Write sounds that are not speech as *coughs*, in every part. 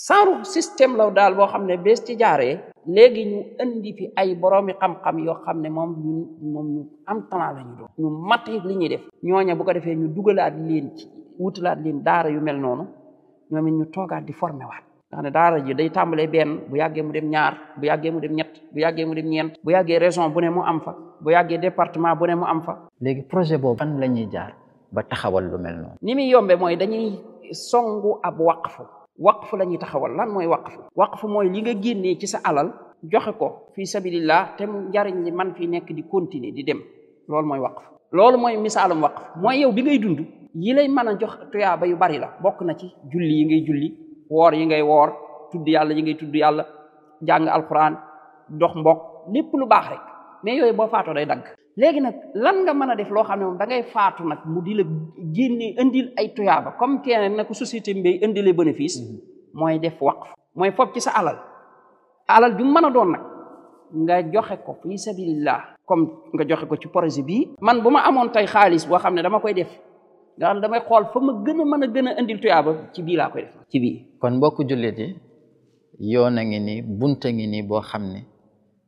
saaru système la daal boo xam ne bés ci jaaree léegi ñu indi fi ay boroomi xam-xam yoo xam ne moom moom ñu am talent la ñu doon ñu mat li ñuy def ñooña bu ko defee ñu dugalaat leen ci wutalaat leen daara yu mel noonu ñoom it ñu toogaat di forme waat ndax ne daara ji day tàmbalee benn bu yàggee mu dem ñaar bu yàggee mu dem ñett bu yàggee mu dem ñeent bu yàggee région bu ne mu am fa bu yàggee département bu ne mu am fa léegi projet boobu fan la ñuy jaar ba taxawal lu mel noonu ni muy waqfu la ñuy taxawal lan mooy waqfu fu mooy li nga génnee ci sa alal joxe ko fii sabilillah te njariñ li man fii nekk di continuer di dem loolu mooy waqfu loolu mooy misaalum waqf mooy yow bi ngay dund yi lay mën a jox tuyaaba yu bari la bokk na ci julli yi ngay julli woor yi ngay woor tudd yàlla yi ngay tudd yàlla jàng alquran dox mbokk lépp lu baax rek mais yooyu boo faatoo day dagg léegi nag lan nga mën a def loo xam ne moom da ngay faatu nag mu di la génne indil ay tuyaaba comme kenn nag ko société mbay indile bénéfice mm-hmm. mooy def waqf mooy fob ci sa alal alal ju mën a doon nag nga joxe ko fi sabilillah comme nga joxe ko ci projet bii man bu ma amoon tey xaalis boo xam ne dama koy def nga xam damay xool fa ma gën a mën a gën a indil tuyaaba ci bii laa koy def ci bii kon mbokk jullit yi yoon a ngi nii bunta ngi nii boo xam ne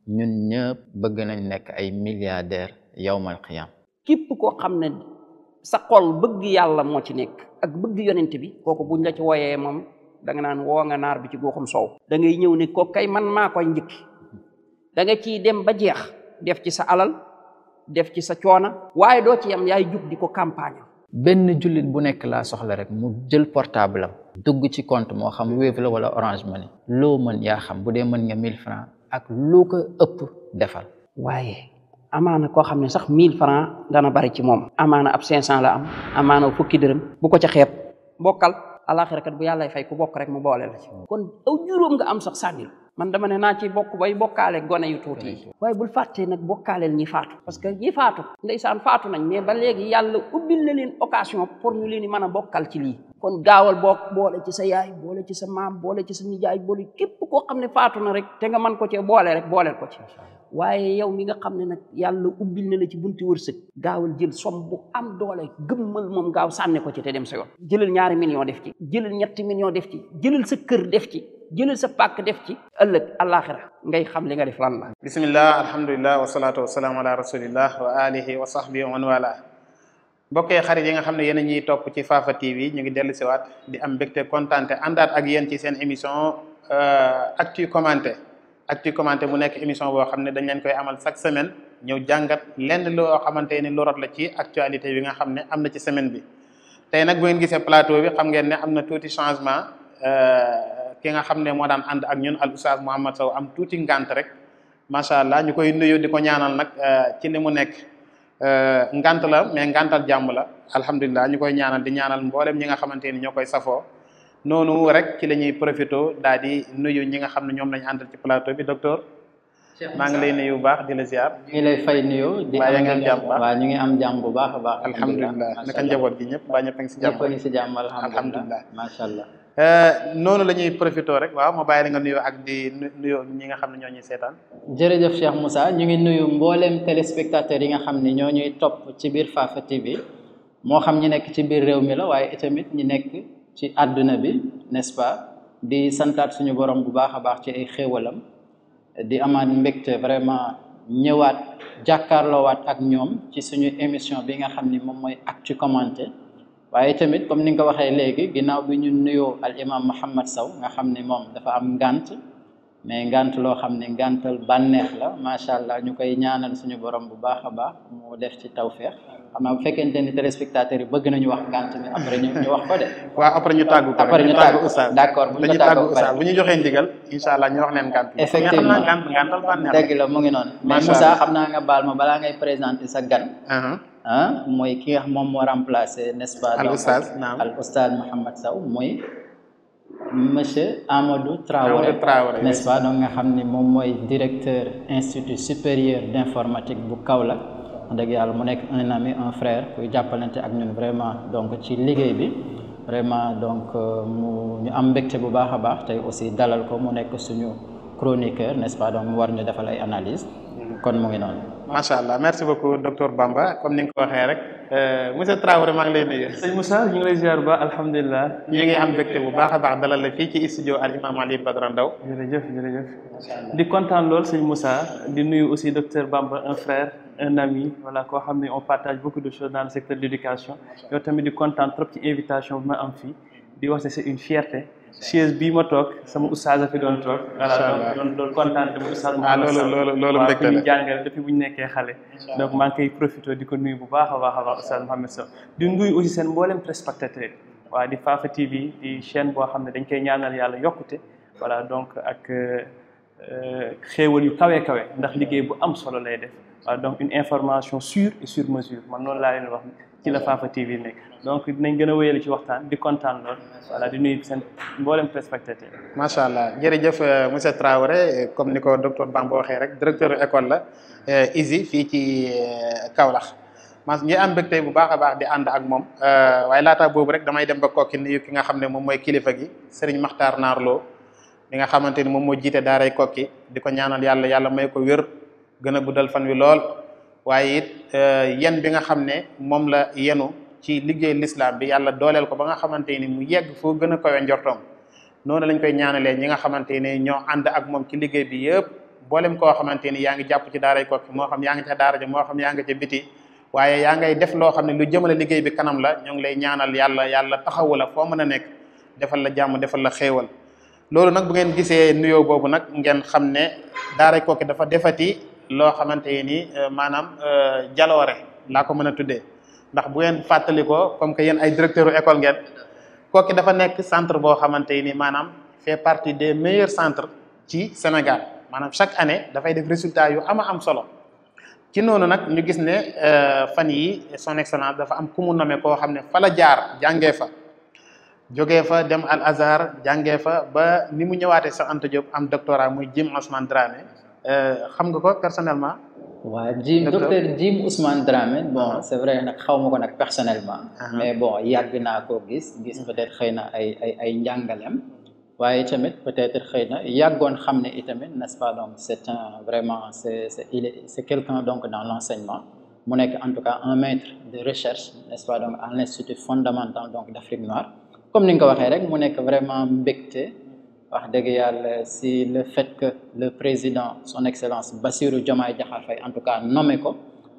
ñun ñëpp bëgg nañ nekk ay milliardaire yawmal qiyam képp koo xam ne sa xol bëgg yàlla moo ci nekk ak bëgg yonent bi kooku buñ la ci wooyee moom danga naan woo nga naar bi ci goxum soow da ngay ñëw ne ko kay man maa koy njëkki da nga ciy dem ba jeex def ci sa alal def ci sa coona waaye doo ci yam yaay jug di ko campagne benn jullit bu nekk laa soxla rek mu jël portable am dugg ci compte moo xam Wave la wala Orange Money loo mën yaa xam bu dee mën nga 1000 francs ak lu ko ëpp defal waaye amaana koo xam ne sax mille francs dana bari ci moom amaana ab cinq cent la am amaana fukki dërëm bu ko ca xeeb bokkal alaxira kat bu yàlla fay ku bokk rek mu boole la ci kon aw juróom nga am sax sànnil man dama ne naa ci bokk bay bokkaale gone yu tuuti yi waaye bul fàttee nag bokkaaleel ñi faatu parce que ñi faatu ndeysaan faatu nañ mais ba léegi yàlla ubbil na leen occasion pour ñu leen di a bokkal ci lii kon gaawal boo boole ci sa yaay boole ci sa maam boole ci sa nijaay boole képp koo xam ne faatu na rek te nga mën ko cee boole rek booleel ko ci waaye yow mi nga xam ne nag yàlla ubbil na la ci bunti wërsëg gaawal jël som bu am doole gëmmal moom gaaw sànni ko ci te dem sa yoon jëlal ñaari million def ci jëlal ñetti million def ci jëlal sa kër def ci jëlal sa pàkk def ci ëllëg àllaaxira ngay xam li nga def lan la bismillah alhamdulilah wasalaatu wasalaamu ala rasulillah wa alihi wa sahbihi wa man wala bokkee xarit yi nga xam ne yéen a ñuy topp ci Fafa TV ñu ngi dellu siwaat di am mbégte kontaante àndaat ak yéen ci seen émission euh, actu commenté actu commenté mu nekk émission boo xam ne dañ leen koy amal chaque semaine ñëw jàngat lenn loo xamante ni lu la ci actualité bi nga xam ne am na ci semaine bi tey nag bu ngeen gisee plateau bi xam ngeen ne am na tuuti changement euh, ki nga xam ne moo daan ànd ak ñun al oustaz Mouhamed am tuuti ngant rek macha allah ñu koy nuyu di ko ñaanal nag euh, ci li mu nekk. Euh, ngant la mais ngantal jàmm la alhamdulilah ñu koy ñaanal di ñaanal mboolem ñi nga xamante ni ñoo koy safoo noonu rek ci la ñuy profité daal di nuyu ñi nga xam ne ñoom lañu àndal ci plateau bi docteur. maa ngi lay nuyu bu baax di la ziar. ñu ngi lay fay nuyu. di am ngeen jàmm waaw ñu ngi am jàmm bu baax a baax. alhamdulilah naka njaboot gi ñëpp baa ñëpp a si jàmm. ñëpp si jàmm alhamdulilah alhamdulilah macha Euh, noonu la ñuy profité rek waaw ma bàyyi la nga nuyoo ak di nuyoo ñi nga xam ne ñoo ñuy seetaan. jërëjëf Cheikh Moussa ñu ngi nuyu mbooleem téléspectateurs yi nga xam ni ñoo ñuy topp ci biir Fafa TV moo xam ñi nekk ci biir réew mi la waaye itamit ñi nekk ci àdduna bi n'est-ce di santaat suñu borom bu baax a baax ci ay xéewalam di amaat mbégte vraiment ñëwaat jàkkaarloowaat ak ñoom ci suñu émission bi nga xam ni moom mooy actu commenté. waaye tamit comme ni nga ko waxee léegi ginnaaw bi ñu nuyoo al imam Mouhamed Sow nga xam ni moom dafa am ngant mais ngànt loo xam ne ngàntal bànneex la macha allah ñu koy ñaanal suñu borom bu baax a baax mu def ci tawféex xam naa bu fekkente ni téléspectateurs yi bëgg nañu wax ngànt mi après ñu ñu wax ko de. ñu tàggu ko après ñu tàggu oustaz d' bu ñu tàggu oustaz bu ñu joxee ñu wax leen ngànt effectivement ngàntal bànneex dëgg la mu ngi noonu mais Moussa xam naa nga baal ma balaa ngay présenter sa gan uh-huh. ah mooy ki moom moo remplacé n'est-ce pas. al oustaz naam mooy monsieur Amadou Traoré Amadou Traoré nest donc nga xam ni moom mooy directeur institut supérieur d'informatique bu kaw la dëgg yàlla mu nekk un ami un frère kuy jàppalante ak ñun vraiment donc ci liggéey bi vraiment donc euh, mu ñu am mbégte bu baax a baax tey aussi dalal ko mu nekk suñu chroniqueur n'est-ce pas donc mu war ñu defal ay analyse kon mu ngi noonu. macha allah merci beaucoup docteur Bamba comme ni nga ko waxee rek euh, monsieur Traoré maa ngi lay nuyu. sëñ Moussa ñu ngi lay ziar bu baax alhamdulilah. bu baax a baax dalal la fii ci studio al imam Ali Badara Ndaw. jërëjëf jërëjëf. di kontaan lool sëñ Moussa di nuyu aussi docteur Bamba un frère. un ami voilà koo xam ne on partage beaucoup de choses dans le secteur de l'éducation tamit di kontaan trop ci invitation bi ma am fii di wax ne c'est une fierté chaise bii ma toog sama oustaz a fi doon toog. voilà doon doon kontaan dama oustaz. ah loolu loolu loolu mbégte la waaw ñu bu ñu nekkee xale. donc maa ngi koy di ko nuyu bu baax a baax a baax oustaz Mouhamed Sow di nuyu aussi seen mboolem téléspectateur waaw di Fafa TV di chaine boo xam ne dañ koy ñaanal yàlla yokkute voilà donc ak euh, xéewal yu kawe kawe ndax liggéey bu am solo lay def waaw donc une information sûre et sur mesure man noonu laa leen wax ci la Fafa TV nekk. donc dinañ gën a wéyale ci waxtaan di kontaan lool voilà di nuyu seen mboolem téléspectateur yi. macha allah jërëjëf euh, monsieur Traoré comme ni ko docteur Bamba waxee rek directeur école la ISI euh, fii ci euh, Kaolack. ma ñu am mbégte bu baax a baax di ànd ak moom waaye laataa boobu rek damay dem ba kooki ki nga xam ne moom mooy kilifa gi Serigne Makhtar Naar loo mi nga xamante ni moom moo jiite daaray kokki di ko ñaanal yàlla yàlla may ko wér gën a guddal fan wi lool waaye it yen bi nga xam ne moom la yenu ci liggéey lislaam bi yàlla dooleel ko ba nga xamante ni mu yegg foo gën a kowe njortoom noonu lañ koy ñaanalee ñi nga xamante ne ñoo ànd ak moom ci liggéey bi yëpp mboolem koo xamante ni yaa ngi jàpp ci daaray Koki moo xam yaa ngi ca daara moo xam yaa ngi ca biti waaye ngay def loo xam ne lu jëmale liggéey bi kanam la ñoo ngi lay ñaanal yàlla yàlla taxawu la foo mën a nekk defal la jàmm defal la xéewal loolu nag ngeen gisee nuyoo boobu nag ngeen xam ne daaray Koki dafa defati loo xamante ni euh, maanaam euh, jaloore laa ko mën a tuddee ndax bu ngeen fàttalikoo comme que yéen ay directeur u école ngeen kooki dafa nekk centre boo xamante nii maanaam fait partie des meilleurs centre ci Sénégal maanaam chaque année dafay def résultat yu ama am solo ci noonu nag ñu gis ne euh, fan yi son excellence dafa am ku mu nommé koo xam ne fa la jaar jàngee fa jógee fa dem Al Azhar jàngee fa ba ni mu ñëwaatee sa Anta Diop am doctorat muy Jim Ousmane Dramé euh, xam nga ko personnellement waaw Jim docteur Jim Ousmane Dramé bon ah. c' vrai nag xaw ma ko nag personnellement. Ah. mais bon yàgg naa koo gis gis mm. peut-être xëy na ay ay ay njàngalem. waaye tamit peut-être xëy na yàggoon xam ne itamit n'est-ce pas donc c'est un vraiment c'est c'est il est c'est quelqu'un donc dans l'enseignement mu nekk en tout cas un maître de recherche n'est-ce pas donc à l'institut fondamental donc d'Afrique noire comme ni nga rek mu nekk vraiment mbégte wax dëgg yàlla si le fait que le président son excellence Bassirou Diomaye Diakhar Faye en tout cas nommé ko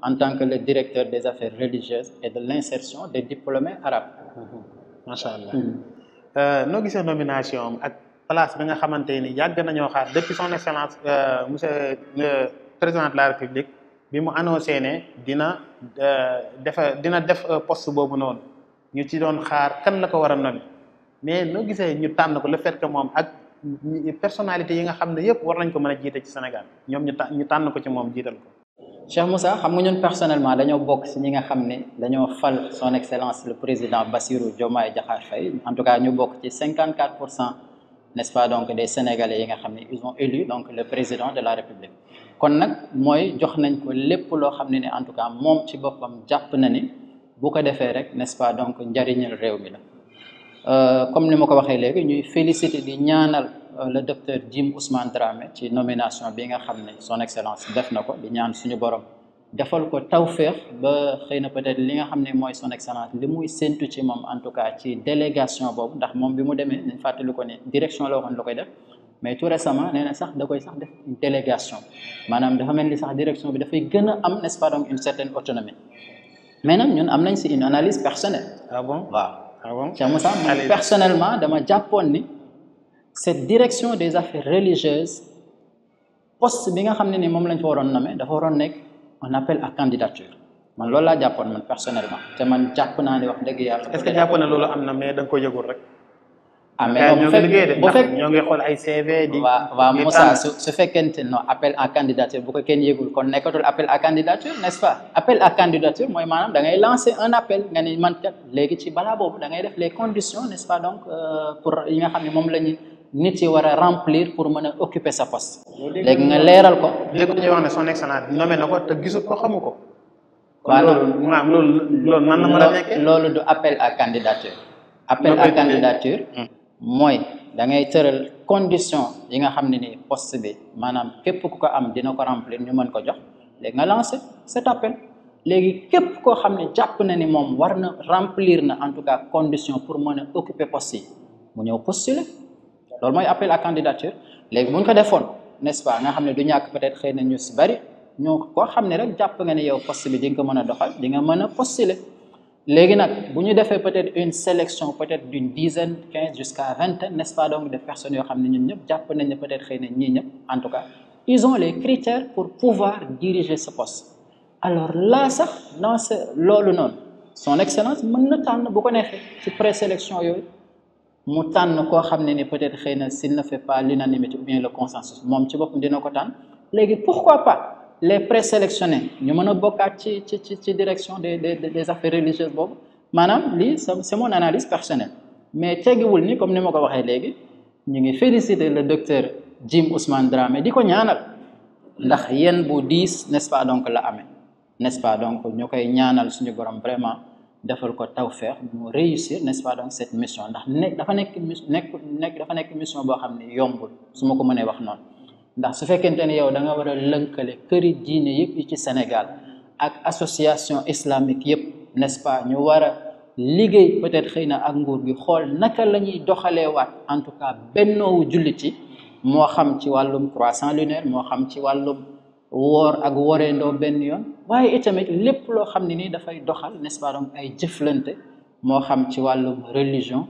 en tant que le directeur des affaires religieuses et de l'insertion des diplômés arabes. Mm-hmm. macha allah. Mm-hmm. Euh, noo gisee nomination ak place bi nga xamante ni yàgg nañoo xaar depuis son excellence euh, monsieur le euh, président de la république bi mu annoncé ne dina def dina def poste boobu noonu ñu ci doon xaar kan la ko war a mais noo gisee ñu tànn ko le fait que moom ak. personalité yi nga xam ne yëpp war nañ ko mën a jiite ci Sénégal ñoom ñu tànn ñu tànn ko ci moom jiital ko. Cheikh Moussa xam nga ñun personnellement dañoo bokk si ñi nga xam ne dañoo fal son excellence le président Bassirou Diomaye Diakhar Faye en tout cas ñu bokk ci 54 pour cent n'est-ce pas de des yi nga xam ne ils ont élu donc le président de la République. kon nag mooy jox nañ ko lépp loo xam ne ne en tout cas moom ci boppam jàpp na ni bu ko defee rek nest pas donc njariñal réew mi la. Euh, comme ni ma ko waxee léegi ñuy féliciter di ñaanal euh, le docteur Jim Ousmane Dramé ci nomination bi nga xam ne son excellence def na ko di ñaan suñu borom defal ko tawféex ba xëy na peut-être li nga xam ne mooy son excellence li muy séntu ci moom en tout cas ci délégation boobu ndax moom bi mu demee nañ fàttali ko ne direction la waxoon la koy def mais tout récemment nee sax da koy sax def une délégation maanaam dafa mel ni sax direction bi dafay gën am n'est-ce pas donc une certaine ah bon Cheikh Moussa man personnellement dama jàppoon ni cette direction des affaires religieuses poste bi nga xam ne ni moom lañ fa waroon nommer dafa waroon nekk on appelle à candidature man loolu laa jàppoon man personnellement te man jàpp naa ne wax dëgg yàlla. est-ce que jàpp na loolu am na mais da nga ko yëgul rek. ah mais ñoo ñoo ngi xool ay CV. di su su fekkente non appel à candidature bu ko kenn yëgul kon nekkatul appel a candidature n'est-ce mooy maanaam dangay ngay lancer un appel nga ni man léegi ci bala boobu da ngay les conditions nest donc euh, pour yi nga xam ne moom la ñu nit yi war a remplir pour mën a occuper sa poste. léegi nga leeral ko. léegi ñuy wax ne son excellence nommé na ko te gisul ko xamu ko. waaw loolu maanaam loolu loolu nan a loolu du appel à candidature. appel a candidature. Hmm. mooy da ngay tëral condition yi nga xam ne ni poste maanaam képp ku ko am dina ko remplir ñu mën ko jox léegi nga lancer cet appel léegi képp koo xam ne jàpp na ni moom war na remplir na en tout cas condition pour mën a occuper poste mu ñëw postuler loolu mooy appel à candidature léegi buñ ko defoon n'est-ce nga xam ne du ñàkk peut-être xëy na ñu si bari ñu koo xam ne rek jàpp nga ne yow poste bi di ko mën a doxal di nga mën a postuler léegi nag bu ñu defee peut-être une sélection peut-être d'une dizaine quinze jusqu'à vingtaine n'est-ce pas donc des personnes yoo xam ne ñun ñëpp jàpp nañ ne peut-être xëy na ñii ñëpp en tout cas ils ont les critères pour pouvoir diriger ce poste alors là sax dans ce loolu noon son excellence mun na tànn bu ko neexee ci présélection yooyu mu tànn koo xam ne ni peut-être xëy na s'il ne fait pas l'unanimité ou bien le consensus moom ci boppam dina ko tànn les présélectionnés ñu mën a bokkaat ci ci ci ci direction des des des affaires religieuses boobu maanaam lii c'est mon analyse personnelle mais teggiwul ni comme ni ma ko waxee léegi ñu ngi féliciter le docteur Jim Ousmane Dramé di ko ñaanal ndax yéen bu diis nest pas donc la amee n'est-ce pas donc ñu koy ñaanal suñu borom vraiment defal ko tawfeex mu réussir n'est-ce pas donc cette mission ndax nekk dafa nekk nekk nekk dafa nekk mission boo xam ne yombul su ma ko mënee wax noonu. ndax su fekkente ne yow da nga war a lënkale këri diine yëpp yi ci Sénégal ak association islamique yëpp nespa ñu war a liggéey peut-être xëy na ak nguur gi xool naka la ñuy doxalee waat en tout cas bennoowu jullit yi moo xam ci wàllum croissant lunaire moo xam ci wàllum woor ak woreendoo benn yoon waaye itamit lépp loo xam ne nii dafay doxal nest donc ay jëflante moo xam ci wàllum religion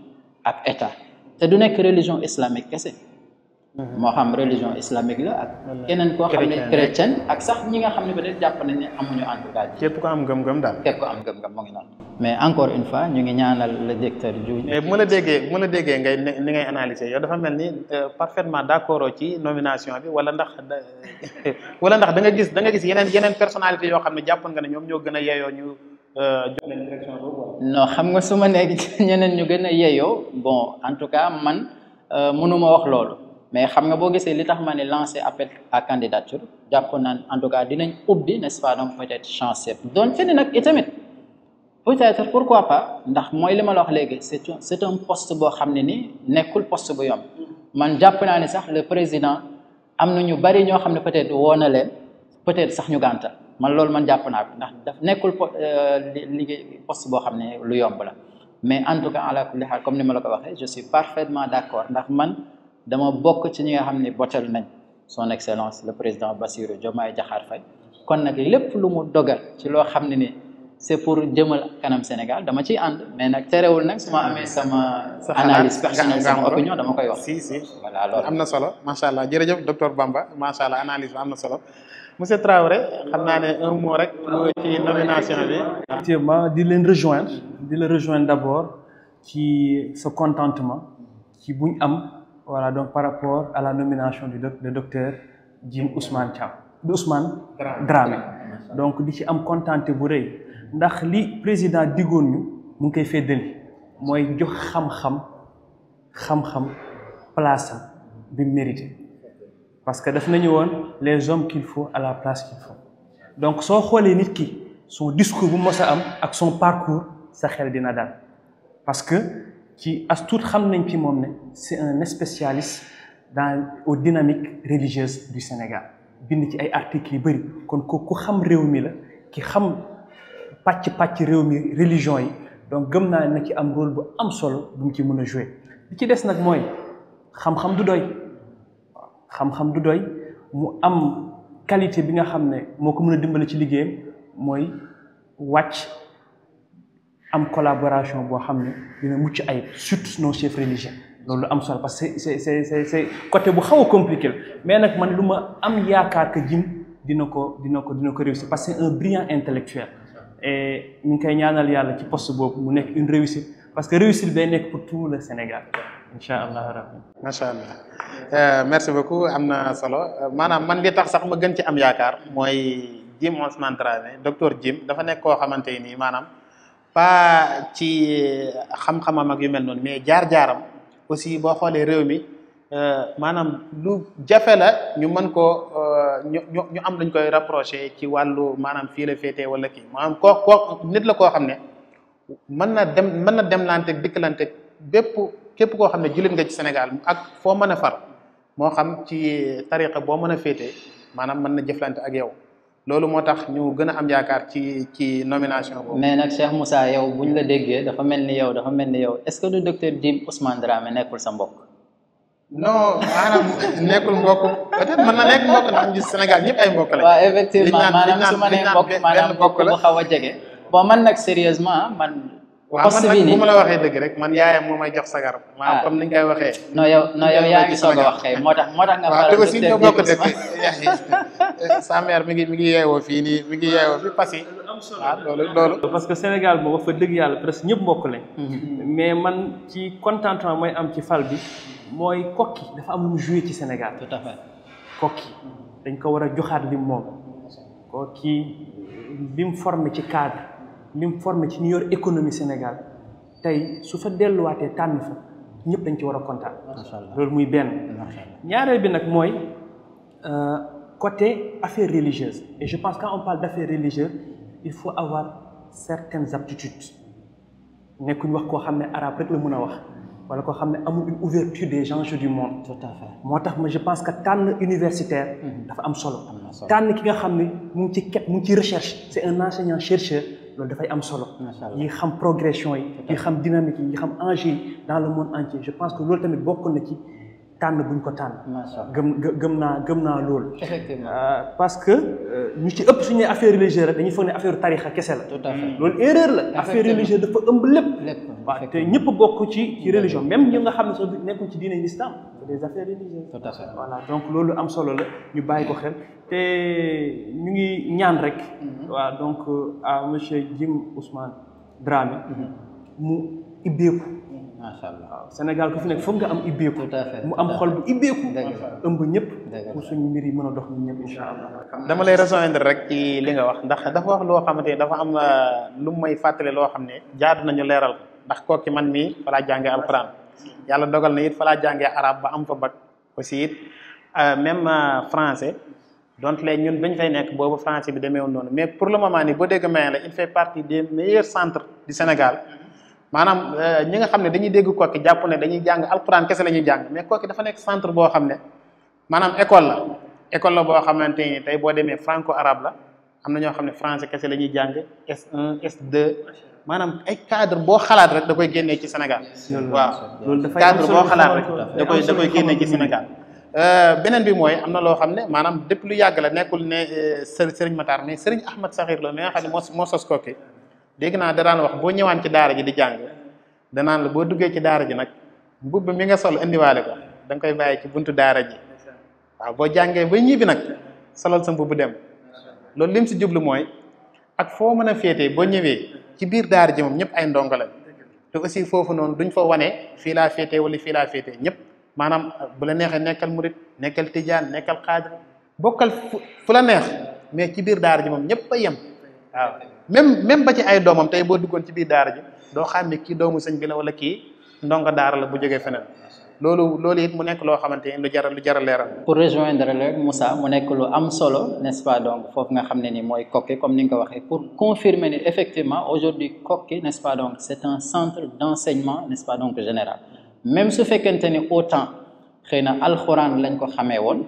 ak état te du nekk religion islamique kese Mhm. moo xam religion islamique la ak. keneen koo xam ne ak sax ñi nga xam ne ba tey jàpp amuñu képp ko am gëm-gëm daal. képp ko am gëm-gëm moo ngi mais encore une ñu ngi ñaanal le directeur Diouf. mais bu ma la déggee bu ma la déggee ngay ni ngay analyser yow dafa mel ni euh, parfaitement d'accord ci nomination bi wala ndax *laughs* wala ndax da nga gis da nga gis yeneen yeneen personnalité yoo xam ne jàppoon nga ñoom ñoo gën a yeyoo ñu. Euh, jox leen xam nga su ma *laughs* ñeneen ñu gën a yeyoo bon en tout cas man euh, mënuma wax loolu mais xam nga boo gisee li tax ma ne lancer appel à candidature jàpp naan en tout cas dinañ ubbi n'est-ce pas donc peut-être chance yëpp doon fini nag itamit peut-être pourquoi pas ndax mooy li ma la wax léegi c'est un c'est un boo xam ne ni nekkul post bu yomb man jàpp naa ne sax le président am na ñu bari ñoo xam ne peut-être woo na leen peut-être sax ñu gàntal man loolu man jàpp naa ndax daf nekkul euh, liggéey poste boo xam ne lu yomb la mais en tout cas àla kulli haal comme ni ma la ko waxee je suis parfaitement d'accord ndax man dama bokk ci ñi nga xam ne botal nañ son excellence le président Bassirou Diomaye Diakhar Faye kon nag lépp lu mu dogal ci loo xam ne ni c'est pour jëmal kanam Sénégal dama ci ànd mais nag terewul nag su ma amee sama. analyse personnelle sama opinion dama koy wax. si am na solo macha allah jërëjëf docteur Bamba macha allah analyse bi am na solo monsieur Traoré xam naa ne un mot rek ci nomination bi. di leen rejoindre di la rejoindre d'abord ci sa contentement ci buñ am. voilà donc par rapport à la nomination du de docteur Jim Ousmane Thiam du Ousmane Dramé donc di ci am contenté bu rëy ndax li président diggoon ñu mu ngi koy feddali mooy jox xam-xam xam-xam place am bi mérité parce que daf nañu woon les hommes qu'il faut à la place qu'il faut donc soo xoolee nit ki son discours bu mos am ak son parcours sa xel dina daal parce que ci as tuut xam nañ ci moom ne c'est un spécialiste dans aux dynamiques religieuses du Sénégal bind ci ay articles yu bëri kon ko ku xam réew mi la ki xam pàcc pàcc réew mi religion yi donc gëm naa na ci am rôle bu am solo bu mu ci mën a jouer li ci des nag mooy xam-xam du doy xam-xam du doy mu am qualité bi nga xam ne moo ko mën a dimbale ci liggéeyam mooy wàcc. am collaboration boo xam ne dina mucc ayib surtout nos chefs religieux loolu am solo parce que c'est c'est c'est bu xaw a compliqué mais nag man lu ma am yaakaar que Jim dina ko dina ko dina ko réussir parce que c'est un brillant intellectuel et ñu ngi koy ñaanal yàlla ci poste boobu mu nekk une parce que réussite day nekk pour tout le Sénégal incha allah rabbi macha allah euh, merci beaucoup am na solo maanaam man li tax sax ma gën ci am yaakaar mooy Jim Ousmane Dramé docteur Jim dafa nekk koo xamante nii maanaam pas ci xam-xamam ak yu mel noonu mais jaar-jaaram aussi boo xoolee réew mi euh, maanaam lu jafe la ñu mën ko euh, ñu ñu am luñ koy rapproché ci wàllu maanaam fii la féetee wala kii maanaam koo koo nit la koo xam ne mën na dem man na demlante dikkalante bépp képp koo xam ne jullit nga ci Sénégal ak foo mën a far moo xam ci tariqa boo mën a féetee maanaam mën na jëflante ak yow loolu moo tax ñu gën a am yaakaar ci ci nomination boobu. mais nag Cheikh Moussa yow bu la déggee dafa mel ni yow dafa mel ni yow est-ce que le docteur Dim Ousmane Dramé nekkul sa mbokk. non maanaam nekkul mbokk peut-être mën na nekk mbokk Sénégal ñëpp ay mbokk lañ. waaw effectivement maanaam su ma nee mbokk maanaam mbokk bu xaw a jege. bon man nag sérieusement waaw man nag ma la waxee dëgg rek man yaayam moo may jox sagar maa ah. comme ni nga koy waxee non yow non yow yaa ngi soog a wax kay moo tax moo tax nga waaw te *laughs* sa mère mi ngi mi ngi yeewoo fii nii mi ngi yeewoo fi Passy waaw parce que Sénégal moom wax fa dëgg yàlla presque ñëpp mbokk le mm-hmm. mais man ci contentement mooy am ci fal bi mooy kokki dafa am lu mu joué ci Sénégal kokki dañ ko war a joxaat li moom kokki bi mu formé ci cadre li forme ci ñu yor économie Sénégal tey su fa delluwaatee tànn fa ñëpp dañ ci war a kontaan. loolu muy benn. ñaareel bi nag mooy euh, côté affaire religieuse et je pense que on parle d' affaire religieuse il faut avoir certaines aptitudes nekkuñ wax koo xam ne arabe rek la mun a wax. wala koo xam ne amul une ouverture des enjeux du monde. tout à fait moo tax ma je pense que tànn universitaire. Mhm. dafa am solo. tànn ki nga xam ne mu ngi ci ket mu ngi ci recherche. c' est un enseignant loolu dafay am solo yi xam progression yi yi xam dynamique yi yi xam enjeu yi dans le monde entier je pense que loolu tamit bokk na ci tànn buñ ko tànn. gëm gëm naa gëm naa loolu. effectivement euh, parce que euh, ñu ci ëpp suñuy affaire religieuse rek dañuy foog ne affaire tarixa kese la. tout à fait loolu erreur la. affaire religieuse dafa ëmb lépp. lépp waaw te ñëpp bokk ci ci religion même ñi nga xam ne sax nekkuñ ci diine l'islam des affaires religieuses. tout voilà donc loolu am solo la ñu bàyyi ko xel te ñu ngi ñaan rek. Mhm. waa donc a euh, monsieur Jim Ousmane Dramé. Mhm. mu ibbeeku. macha allah waaw Sénégal ku fi nekk foog nga am ibbeeku. mu am xol bu ibbeeku. ëmb ñëpp. suñu mbir yi mën a dox ñun ñëpp incha allah. dama lay rejoindre rek ci li nga wax ndax dafa wax loo xamante ne dafa am euh, lu may fàttali loo xam ne jaadu nañu leeral ndax kooki man mii fa laa jàngee alquran yàlla dogal na it fa laa jàngee arabe ba am fa bac aussi it euh, même euh, français. donc léegi ñun bañ fay nekk boobu français bi demeewul noonu mais pour le moment nii boo dégg mayen la il fait partie des meilleurs centres du Sénégal maanaam euh, ñi nga xam ne dañuy dégg kokki jàpp ne dañuy jàng alquran kese la ñuy jàng mais kokki dafa nekk centre boo xam ne maanaam école la école la boo xamante ni tey boo demee franco arabe la am na ñoo xam ne français kese la ñuy jàng s maanaam ay cadre boo xalaat rek da koy génnee ci Sénégal. waaw cadre boo xalaat rek da koy da koy génnee ci Sénégal. Euh, beneen bi mooy am na loo xam ne maanaam depuis lu yàgg la nekkul ne euh, Serigne Matar mais Serigne Ahmad Sakhir la mi nga xam ne moo moo sos kokki dégg naa da daan wax boo ñëwaan ci daara ji di jàng danaan la boo duggee ci daara ji nag mbubb mi nga sol indiwaale ko da koy bàyyi ci buntu daara ji boo jàngee ba ñibbi nag solal sa mbubb dem loolu lim si jublu mooy ak foo mën a féetee boo ñëwee ci biir daara ji moom ñëpp ay ndongo la te aussi foofu noonu duñ fa wane fii laa féetee wala fii laa féetee ñëpp maanaam bu la neexee nekkal murit nekkal tijaan nekkal xaadir bokkal fu la neex mais ci biir daara ji moom ñëpp a yem waaw même même ba ci ay doomam tey boo duggoon ci biir daara ji doo xàmme kii doomu sëñ bi la kii ndongo daara la bu jógee feneen loolu loolu it mu nekk loo xamante ni lu jaral lu jar a leeral. pour rejoindre rek Moussa mu nekk lu am solo n'est-ce pas donc foofu nga xam ne ni mooy Koki comme ni nga ko waxee pour confirmer ni effectivement aujourd'hui Koki n'est-ce pas donc c'est un centre d'enseignement nest pas donc général même su fekkente ni autant xëy na alxuraan lañ ko xamee woon.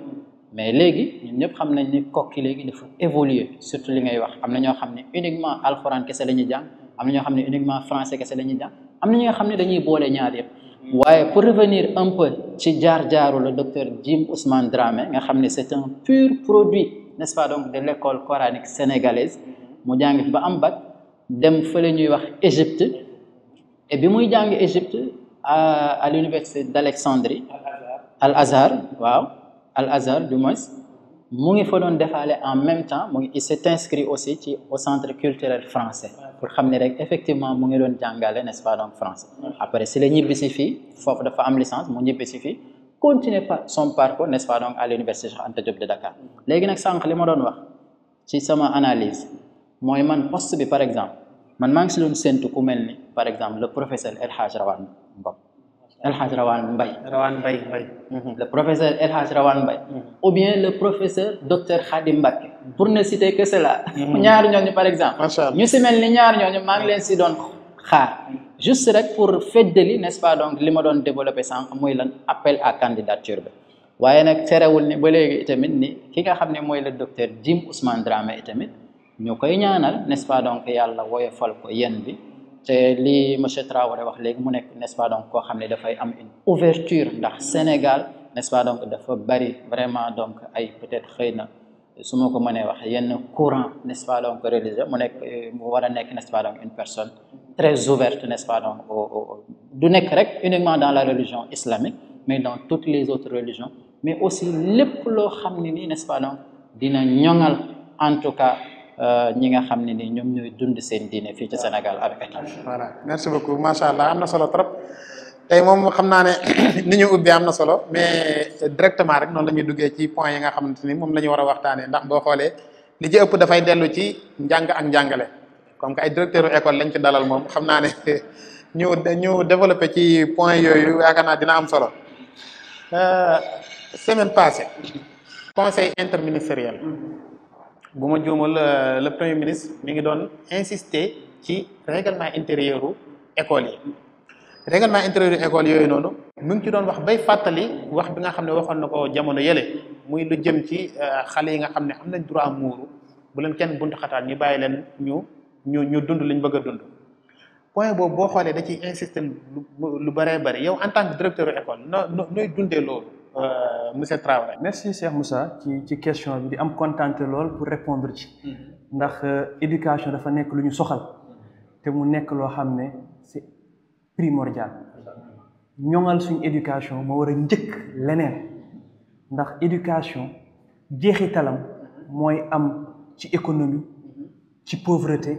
mais léegi ñun ñëpp xam nañ ni kokki léegi dafa évoluer surtout li ngay wax am na ñoo xam ne uniquement alxuraan kese la ñuy jàng am na ñoo xam ne uniquement français kese la ñuy jàng am na ñu nga xam ne dañuy boole ñaar yëpp waaye pour revenir un peu ci jaar-jaaru le docteur Jim Ousmane Dramé nga xam ne c'est un pur produit n'est-ce pas donc de l'école coranique sénégalaise mu jàng ba am bac dem fële ñuy wax Égypte et bi muy jàng Égypte à à l'université d'Alexandrie Al Azhar al azhar du moins mu ngi fa doon defaale en même temps mu ngi il s'est inscrit aussi ci au centre culturel français pour xam ne rek effectivement mu ngi doon jàngale n'est-ce pas donc français après si la ñibbisi fi foof dafa am licence mu ñibbisi fii continuer par son parcours n'est-ce pas donc à l'université Cheikh Anta Diop de Dakar léegi nag sànq li ma doon wax ci sama analyse mooy man poste bi par exemple man maa si loon séntu ku mel ni par exemple le professeur El El Hadj Rawane Mbaye. Rawane Mbaye Mbaye. Mhm. le professeur El Hadj Rawane mhm. ou bien le professeur docteur Khadim Mbacké. Mhm. pour ne citer que cela. *laughs* ñaar ñooñu par exemple. ñu si mel ni ñaar ñooñu maa ngi leen si doon xaar. juste rek pour feddali n'est-ce pas donc li ma doon développé sànq muy lan appel à candidature bi. waaye nag terewul ni ba léegi itamit ni ki nga xam ne mooy le docteur Jim Ousmane Dramé tamit ñu koy ñaanal nest pas donc yàlla woyofal ko yéen bi. te li monsieur Traoré wax léegi mu nekk n'est-ce pas donc koo xam ne dafay am une ouverture ndax Sénégal nest dafa bari vraiment donc ay peut-être xëy na su ma ko mënee wax yenn courant n'est-ce pas donc religieux mu nekk mu war a nekk n'est-ce pas donc une nekk rek uniquement dans la religion islamique mais dans toutes les autres religions mais aussi lépp loo xam ne nii nest dina ñoŋal en tout cas Euh, ñi nga xam ne nii ñoom ñooy dund seen diine fii ci Sénégal ak état. voilà merci beaucoup macha allah am na solo trop tey moom xam naa ne *clears throat* ni ñu ubbee am na solo mais directement rek noonu la duggee ci point yi nga xamante ni moom la ñu war a waxtaanee ndax boo xoolee li ci dafay dellu ci njàng ak njàngale comme ay directeur école lañ ci dalal moom xam naa ne *laughs* ñu ñu développé ci point yooyu yaakaar dina am solo euh, semaine passée conseil interministériel. bu ma juumal euh, le premier ministre mi ngi doon insister ci règlement intérieur u école yi règlement intérieur u école yooyu noonu mu ngi ci doon wax bay fàttali wax bi nga xam ne waxoon na ko jamono yële muy lu jëm ci euh, xale yi nga xam ne am nañ droit muuru bu leen kenn buntu xataat ñu bàyyi leen ñu ñu ñu dund liñ bëgg a dund point boobu boo xoolee da ciy insister lu bëree bëri yow en tant que directeur école no nooy dundee loolu Euh, monsieur Traoré. merci Cheikh Moussa ci ci question bi di am contente lool pour répondre ci. Mm-hmm. ndax euh, éducation dafa nekk lu ñu soxal. Mm-hmm. te mu nekk loo xam ne c'est primordial. ñoŋal suñu éducation moo war a njëkk leneen mm-hmm. ndax éducation jeexitalam mooy am ci économie ci pauvreté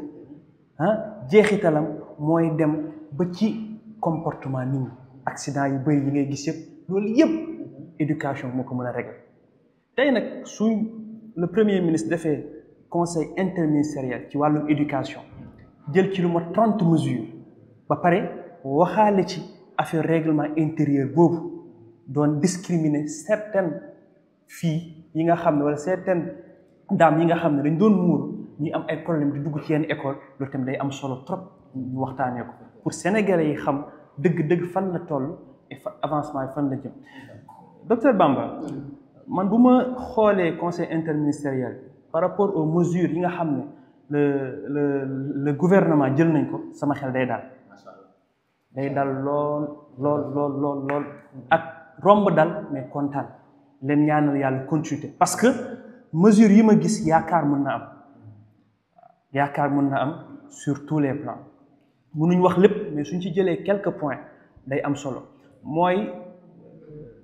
ah jeexitalam mooy dem ba ci comportement nit ñi accident yu bëri yi ngay gis yëpp loolu yëpp. éducation moo ko mën a régler tey nag suñ le premier ministre defee conseil interministériel ci wàllum éducation jël ci lu ma trente mesures ba pare waxaale ci affaire réglement intérieur boobu doon discriminer certaines fii yi nga xam ne wala certaines dames yi nga xam ne dañ doon muur ñuy am ay problème di dugg ci yenn école loolu tamit day am solo trop ñu waxtaanee ko pour sénégalais yi xam dëgg-dëgg fan la toll et avancement yi fan la jëm docteur Bamba man bu ma xoolee conseil interministériel par rapport aux mesures yi nga xam ne le le gouvernement jël nañ ko sama xel day daal day dal lool lool lool lool lool ak romb dal mais kontaan leen ñaanal yàlla continuité parce que mesures yi ma gis yaakaar mun na am yaakaar mën na am sur tous les plans mënuñ wax lépp mais suñ ci jëlee quelque point day am solo mooy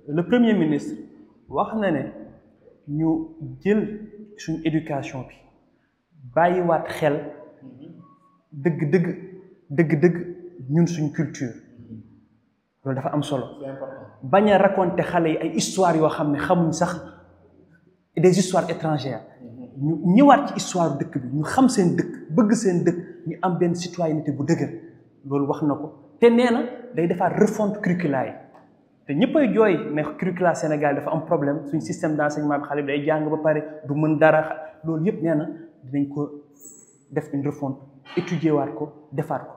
le premier ministre wax na ne ñu jël suñu éducation bi bàyyiwaat xel dëgg dëgg dëgg dëgg ñun suñu culture loolu dafa am solo bañ a raconter xale yi ay histoire yoo xam ne xamuñ sax des histoires étrangères mm-hmm. ñu ñëwaat ci histoire dëkk bi ñu xam seen dëkk bëgg seen dëkk ñu am benn citoyenneté bu dëgër loolu wax na ko te nee na day defaat refonte curriculaire yi te ñëppay jooy ne curricula Sénégal dafa am problème suñ système d'enseignement bi xale bi day jàng ba pare du mën dara loolu yëpp nee na dinañ ko def une refonte étudier waat ko defaat ko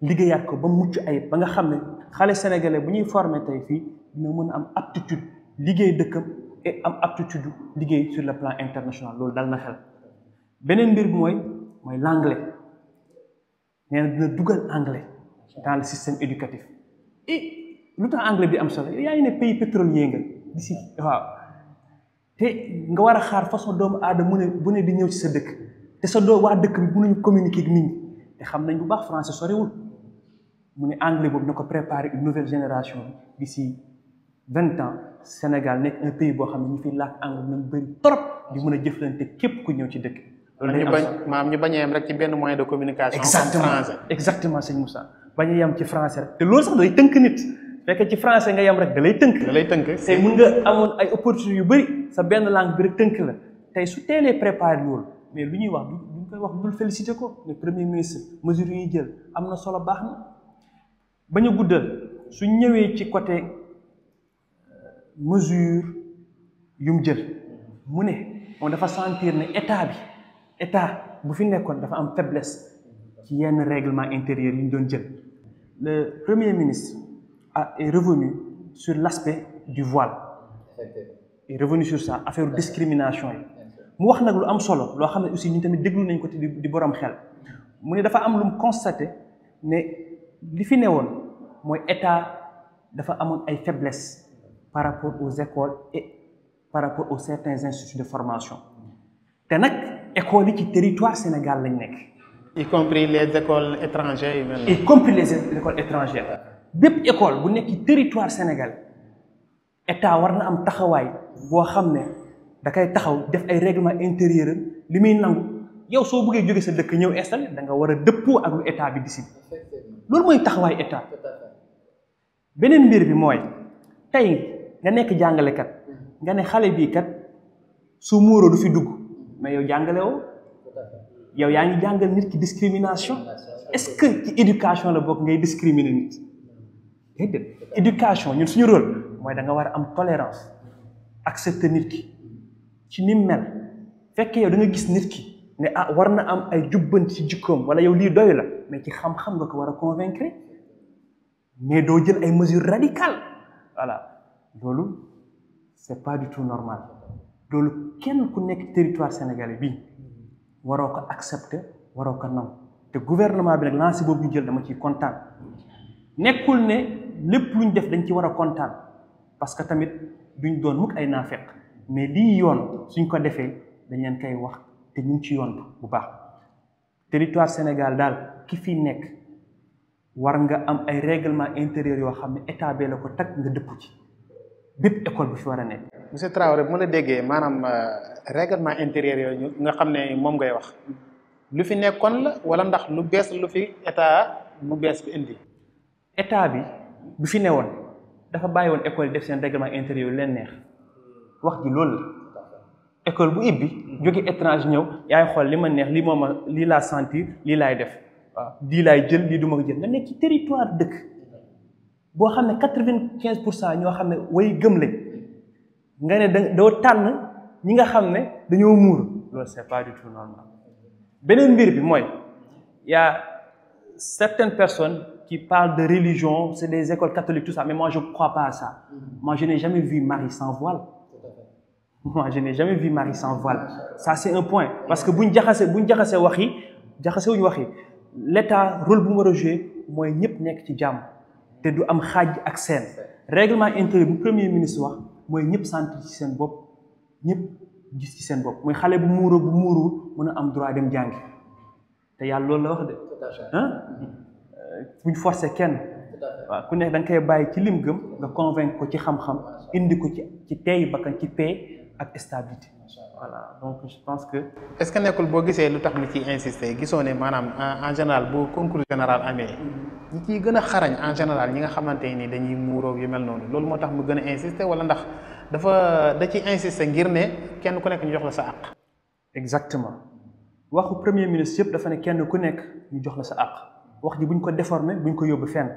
liggéeyaat ko ba mucc ayib ba nga xam ne xale sénégalais bu ñuy former tey fii dina mën a am aptitude liggéey dëkkam et am aptitude liggéey sur le plan international loolu dal na xel beneen mbir bi mooy mooy l'anglais nee na dina dugal anglais dans le système éducatif lu tax anglais bi am solo yaa ngi ne pays pétrolier nga si waaw te nga war a xaar façon doomu aadama mu ne bu ne di ñëw ci sa dëkk te sa doo waa dëkk bi mënuñu communiquer ak nit xam nañ bu baax français soriwul mu ne anglais boobu na ko préparer une nouvelle génération d'ici vingt ans Sénégal nekk un pays boo xam ne ñu fiy làkk anglais nañ bëri trop di mun a jëflante képp ku ñëw ci dëkk loolu ñu bañ maam ñu bañ a rek ci benn moyen de communication. exactement exactement sëñ Moussa bañ a yem ci français te loolu sax day tënk nit fekk ci français nga yem rek da tënk. da lay tënk tey mun nga amoon ay opportunité yu bëri sa benn langue bi rek tënk la tey su teelee préparé loolu mais lu ñuy wax du ñu koy wax dul félicité ko le premier ministre mesure ñuy jël am na solo baax na ba ñu guddal su ñëwee ci côté euh, mesure yu mu jël mu ne moom dafa sentir ne état bi état bu fi nekkoon dafa am faiblesse ci yenn réglement intérieur yi ñu doon jël le premier ministre. est revenu sur l'aspect du voile est revenu sur ça affaire discrimination yi mu wax nag lu am solo loo xam ne aussi ñun tamit déglu nañ ko ci di borom xel mu ne dafa am lu mu constaté ne li fi ne woon mooy état dafa amoon ay faiblesse par rapport aux écoles et par rapport aux certains instituts de formation te nag école yi ci territoire Sénégal lañ nekk y compris les écoles étrangères y compris les écoles bépp école bu nekk ci territoire Sénégal état war na am taxawaay boo xam ne da koy taxaw def ay règlement intérieur li muy nangu yow soo buggee jóge sa dëkk ñëw installé da nga war a dëppoo ak lu état bi décide loolu mooy taxawaay état beneen mbir bi mooy tey nga nekk jàngalekat hmm. nga ne xale bii kat su muuroo du fi dugg mais yow jàngale woo yow yaa ngi jàngal nit ki discrimination est-ce que ci éducation la bokk ngay discriminer nit. déedéet éducation ñun suñu rôle mooy danga war am tolérance accepter nit ki ci ni mel fekkee yow gis nit ki mais ah war na am ay jubbanti ci jikkoom wala yow lii doy la mais ci xam-xam nga ko war a convaincre mais doo jël ay mesures radicales voilà loolu c'est pas du tout normal doolu kenn ku nekk territoire sénégalais bi waroo ko accepter waroo ko nangu te gouvernement bi nag lancé boobu jël dama ciy kontaan nekkul ne. lépp lu luñ def dañ ci war a kontaan parce que tamit duñ doon mukk ay naafeq mais lii yoon suñ ko defee dañ leen koy wax te ñu ngi ci yoon bu baax territoire Sénégal daal ki fi nekk war nga am ay réglement intérieur yoo xam ne état bee la ko tag nga dëpp ci bépp école bu fi war a nekk. monsieur Traoré bu ma déggee maanaam euh, règlement intérieur yooyu nga xam ne moom ngay wax lu fi nekkoon la wala ndax lu bees lu fi état mu bees ko indi. état bi. bu fi ne woon dafa bàyyi woon école yi def seen règlement intérieur leen neex wax ji loolu la école bu ibbi jóge étrange ñëw yaay xool li ma neex li moo ma lii laa sentir lii laay def waaw lii laay jël lii du ma ko jël nga nekk ci territoire dëkk boo xam ne quatre-vingt-quinze pour cent ñoo xam ne way gëm lañ nga ne da doo tànn ñi nga xam ne dañoo muur loolu c'est pas du tout normal beneen mbir bi mooy y'a certaines personnes qui parlent de religion, c'est des écoles catholiques, tout ça. Mais moi, je ne crois pas à ça. Mm-hmm. Moi, je n'ai jamais vu Marie sans voile. Moi, je n'ai jamais vu Marie sans voile. Ça, c'est un point. Parce que buñ jaxasé buñ jaxasé wax yi jaxasé wuñ wax yi l'état rôle bu mu war a joué mooy ñëpp nekk ci jàmm te du am xaaj ak seen règlement intérieur bu premier ministre wax mooy ñëpp sentir ci seen bopp ñëpp gis ci seen bopp mooy xale bu muuroo bu muuruwul mën a am droit dem jàngi bu ñu forcer kenn waaw ku nekk da nga koy bàyyi ci lim gëm nga convaincre ko ci xam-xam indi ko ci ci teey bakkan ci paix ak stabilité voilà donc je pense que. est ce que nekkul boo gisee lu tax ñu ciy insisté gisoo ne maanaam en général bu concours général amee ñi ciy gën a xarañ en général ñi nga xamante ni dañuy muuroog yi mel noonu loolu moo tax mu gën a insister wala ndax dafa da ciy insister ngir ne kenn ku nekk ñu jox la sa àq. exactement waxu premier ministre yëpp dafa ne kenn ku nekk ñu jox la sa àq. wax ji ñu ko bu ñu ko yóbbu fen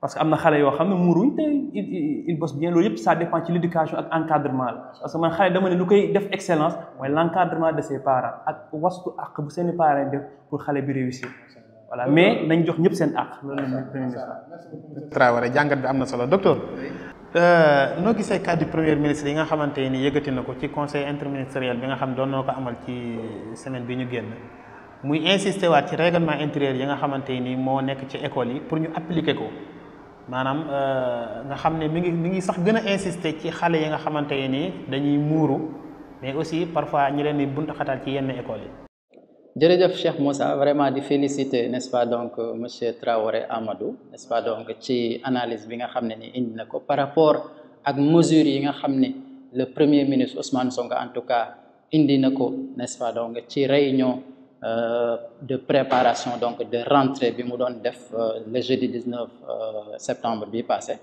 parce que am na xale yoo xam ne muuruñ te il bosse bien loolu yëpp ça dépend ci l'éducation ak encadrement la parce que man xale dama ne lu koy def excellence mooy l'encadrement de ses parents ak wastu ak bu seeni parents def pour xale bi réussir voilà mais nañ jox ñëpp seen àq loolu jàngat bi am na solo docteur euh, noo gisee kàddu premier ministre yi nga xamante ni yëkkati na ko ci conseil interministériel bi nga xam doon noo ko amal ci semaine bi ñu génn muy insister waat ci règlement intérieur yi nga xamante nii moo nekk ci école yi pour ñu appliquer ko maanaam euh, nga xam ne mi ngi mi ngi sax gën a insister ci xale yi nga xamante ni dañuy muuru mais aussi parfois ñu leen di buntu xatal ci yenn école yi. jërëjëf Cheikh Moussa vraiment di féliciter n'est-ce pas donc euh, monsieur Traoré Amadou n'est-ce pas donc ci analyse bi nga xam ne ni indi na ko par rapport ak mesures yi nga xam ne le premier ministre Ousmane Sonko en tout cas indi na ko n'est-ce pas donc ci réunion. Euh, de préparation donc de rentre bi mu doon def euh, le jeudi 19 euh, septembre bi passé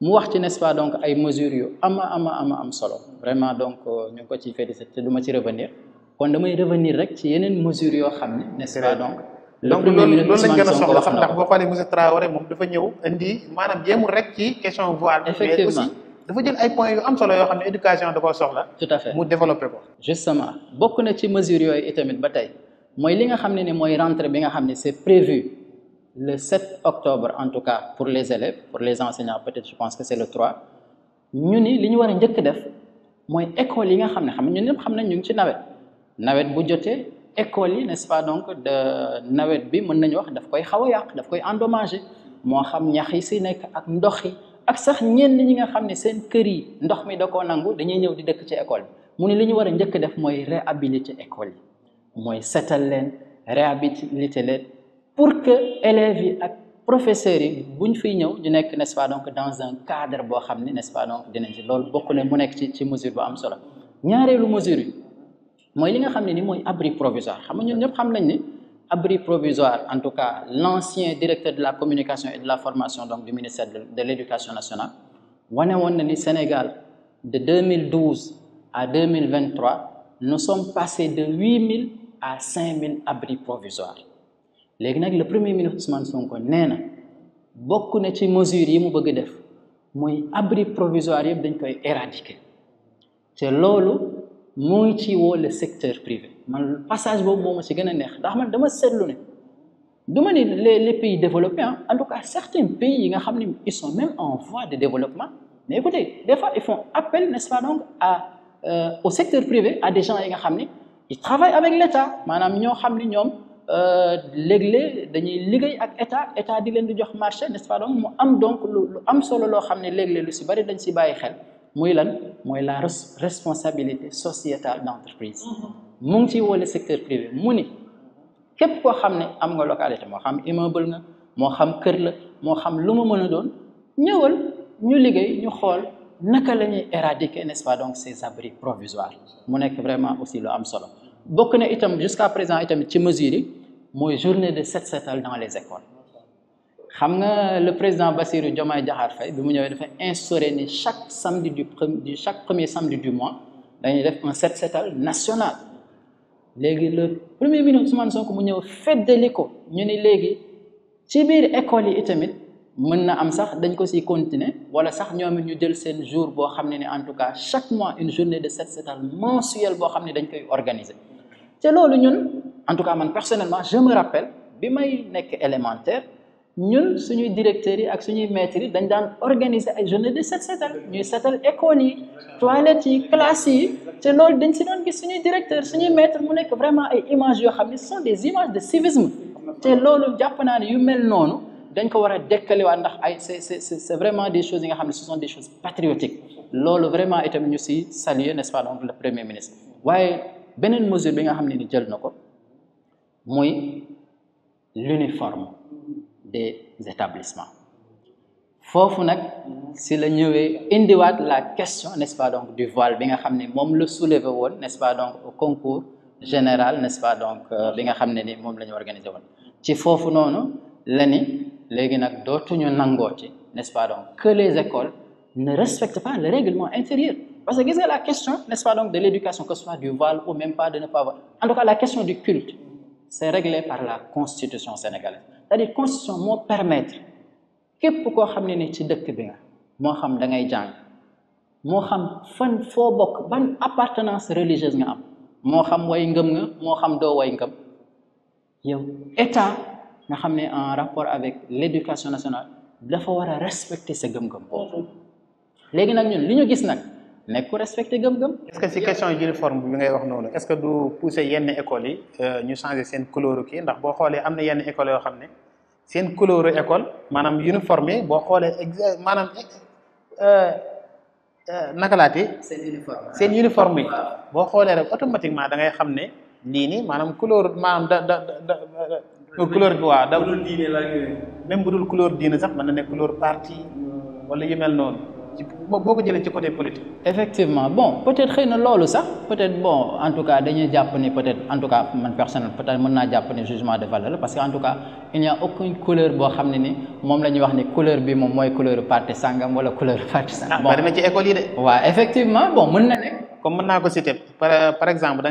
mu wax ci n'est-ce pas donc ay mesures yu ama ama ama am solo vraiment donc ñu ngi ko ciy félicité te du ma ci revenir kon damay revenir rek ci yeneen mesures yoo xam ne n'est-ce pas donc donc loolu xam ndax boo xoolee monsieur Traoré moom dafa ñëw indi maanaam jéemul rek ci question voile effectivement dafa jël ay points yu am solo yoo xam ne éducation da koo soxla tout à fait mu développé ko justement bokk na ci mesures yooyu itamit ba tey mooy li nga xam ne ni mooy rentre bi nga xam ne c'est prévu le 7 octobre en tout cas pour les élèves pour les enseignants peut-être je pense que ñu ni li ñu war a njëkk def mooy école yi nga xam ne xam ñun ñëpp xam nañ ci nawet nawet bu jotee école yi n'est-ce nawet bi mën nañu wax daf koy xaw a yàq daf koy endommager moo xam ñax yi si nekk ak ndox yi ak sax ñenn ñi nga xam ne seen kër yi ndox mi da koo nangu dañuy ñëw di dëkk ci école bi mu ne li ñu war a njëkk def mooy réhabiliter école yi mooy setal leen réhabilité leen pour que élèves yi ak professeurs yi buñ fiy ñëw ñu nekk n'est-ce pas donc dans un cadre boo xam ne n'est-ce pas donc dinañ ci loolu bokk na mu nekk ci ci mesure bu am solo ñaareelu mesure yi mooy li nga xam ne ni mooy abri provisoire xam nga ñun ñëpp xam nañ ni abri provisoire en tout cas l'ancien directeur de la communication et de la formation donc du ministère de l'éducation nationale wane woon ni Sénégal de 2012 à 2023 nous sommes passés de mille à 5000 abris provisoires léegi nag le premier ministre Ousmane Sonko nee na bokk na ci mesures yi mu bëgg def mooy abri provisoire yëpp dañ koy éradiquer te loolu mu ngi ci woo le secteur privé man passage boobu moo ma ci gën a neex ndax man dama seetlu ne duma ma ni les les pays développés ah en tout cas certains pays yi nga xam ni ils sont même en voie de développement mais écoutez des fois ils appel n'est-ce pas donc Euh, au secteur privé à des yi nga xam ne ils travaillent avec l'État maanaam ñoo xam ni ñoom euh, léeg-léeg dañuy liggéey ak état état di leen di jox marché n'est-ce pas donc mu am donc lu lu am solo loo xam ne léeg-léeg lu si bari dañ si bàyyi xel muy lan mooy la responsabilité sociétale d'entreprise mm-hmm. mu ngi ciy wole secteur privé mu ni képp koo xam ne am nga localité moo xam immeuble nga moo xam kër la moo xam lu ma mën doon ñëwal ñu liggéey ñu xool naka la ñuy éradiquer n'est-ce pas donc ces abris provisoires mu nekk vraiment aussi lu am solo bokk na itam jusqu'à présent itamit ci mesures mooy journée de set setal dans les écoles xam nga le président Bassirou Diomaye Diakhar Faye bi mu ñëwee dafa instauré ni chaque samedi du du chaque premier samedi du mois dañuy def un set setal national léegi le premier ministre Ousmane Sonko mu ñëw feddali ko ñu ni léegi ci biir école yi itamit mën na am sax dañ ko si continuer wala sax ñoom ñu jël seen jour boo xam ne ne en tout cas chaque mois une journée de set setal mensuelle boo xam ne dañ koy organiser te loolu ñun en tout cas man personnellement je me rappelle bi may nekk élémentaire ñun suñuy directeurs yi ak suñuy maîtres yi dañ daan organiser ay journée de set setal ñuy setal écoles yi toilettes yi classes yi te loolu dañ si doon gis suñuy directeur suñuy maîtres mu nekk vraiment ay images yoo xam ne ce sont des images de te loolu jàpp naa ne yu mel noonu dañ ko war a dekkaliwaat ndax ay c'est c'est c'est vraiment des choses yi nga xam ne ce sont des choses patriotiques loolu vraiment itam ñu si saluer n'est-ce pas donc le premier ministre waaye beneen mesure bi nga xam ne ni jël na ko muy l'uniforme des établissements foofu nag si la ñëwee indiwaat la question n'est-ce pas donc du voile bi nga xam ne moom la soulevé woon nest pas donc au concours général n'est-ce pas donc euh, bi nga xam ne ni moom la ñu organisé woon ci léegi nag dootuñu nangooti n'est-ce pas donc que les écoles ne respectent pas le règlement intérieur parce que gis nga la question n'est-ce pas donc de l'éducation que ce soit du voile ou même pas de ne pas voile en tout cas la question du culte c'est réglé par la constitution sénégalaise c'est-à-dire constitution moo permettre képp koo xam ne ni ci dëkk bi nga moo xam da ngay jàng moo xam fan foo bokk ban appartenance religieuse nga am moo xam way ngëm nga moo xam doo way nga xam ne en rapport avec l' nationale dafa war a respecter sa gëm-gëm mhm. léegi nag ñun li ñu gis nag nekk ku respecter gëm-gëm. est ce que si question uniforme bi ngay wax noonu est ce que du pousser yenn écoles yi euh, ñu changer seen couleur kii ndax boo xoolee am na yenn écoles yoo xam ne seen couleur école maanaam uniforme yi boo xoolee exa maanaam euh, euh, naka laati seen uniforme seen uniforme yi boo xoolee rek automatiquement da ngay xam ne lii nii maanaam couleur maanaam couleur bi waaw da même bu dul couleur diine sax mën na nekk couleur parti hmm. walla yu mel noonu ci boo ko jëlee ci côté politique. effectivement bon peut-être xëy loolu sax peut-être bon en tout cas dañuy jàpp ni peut-être en tout cas man personnel peut-être mën naa jàpp ni jugement de valeur parce que en tout cas il n'y a couleur boo xam ne ni moom la wax ni couleur bi moom mooy couleur parti sangam wala couleur parti sangam. Ah, bon demee ci école yi de. waaw effectivement bon mën na nekk. comme mën naa ko par exemple da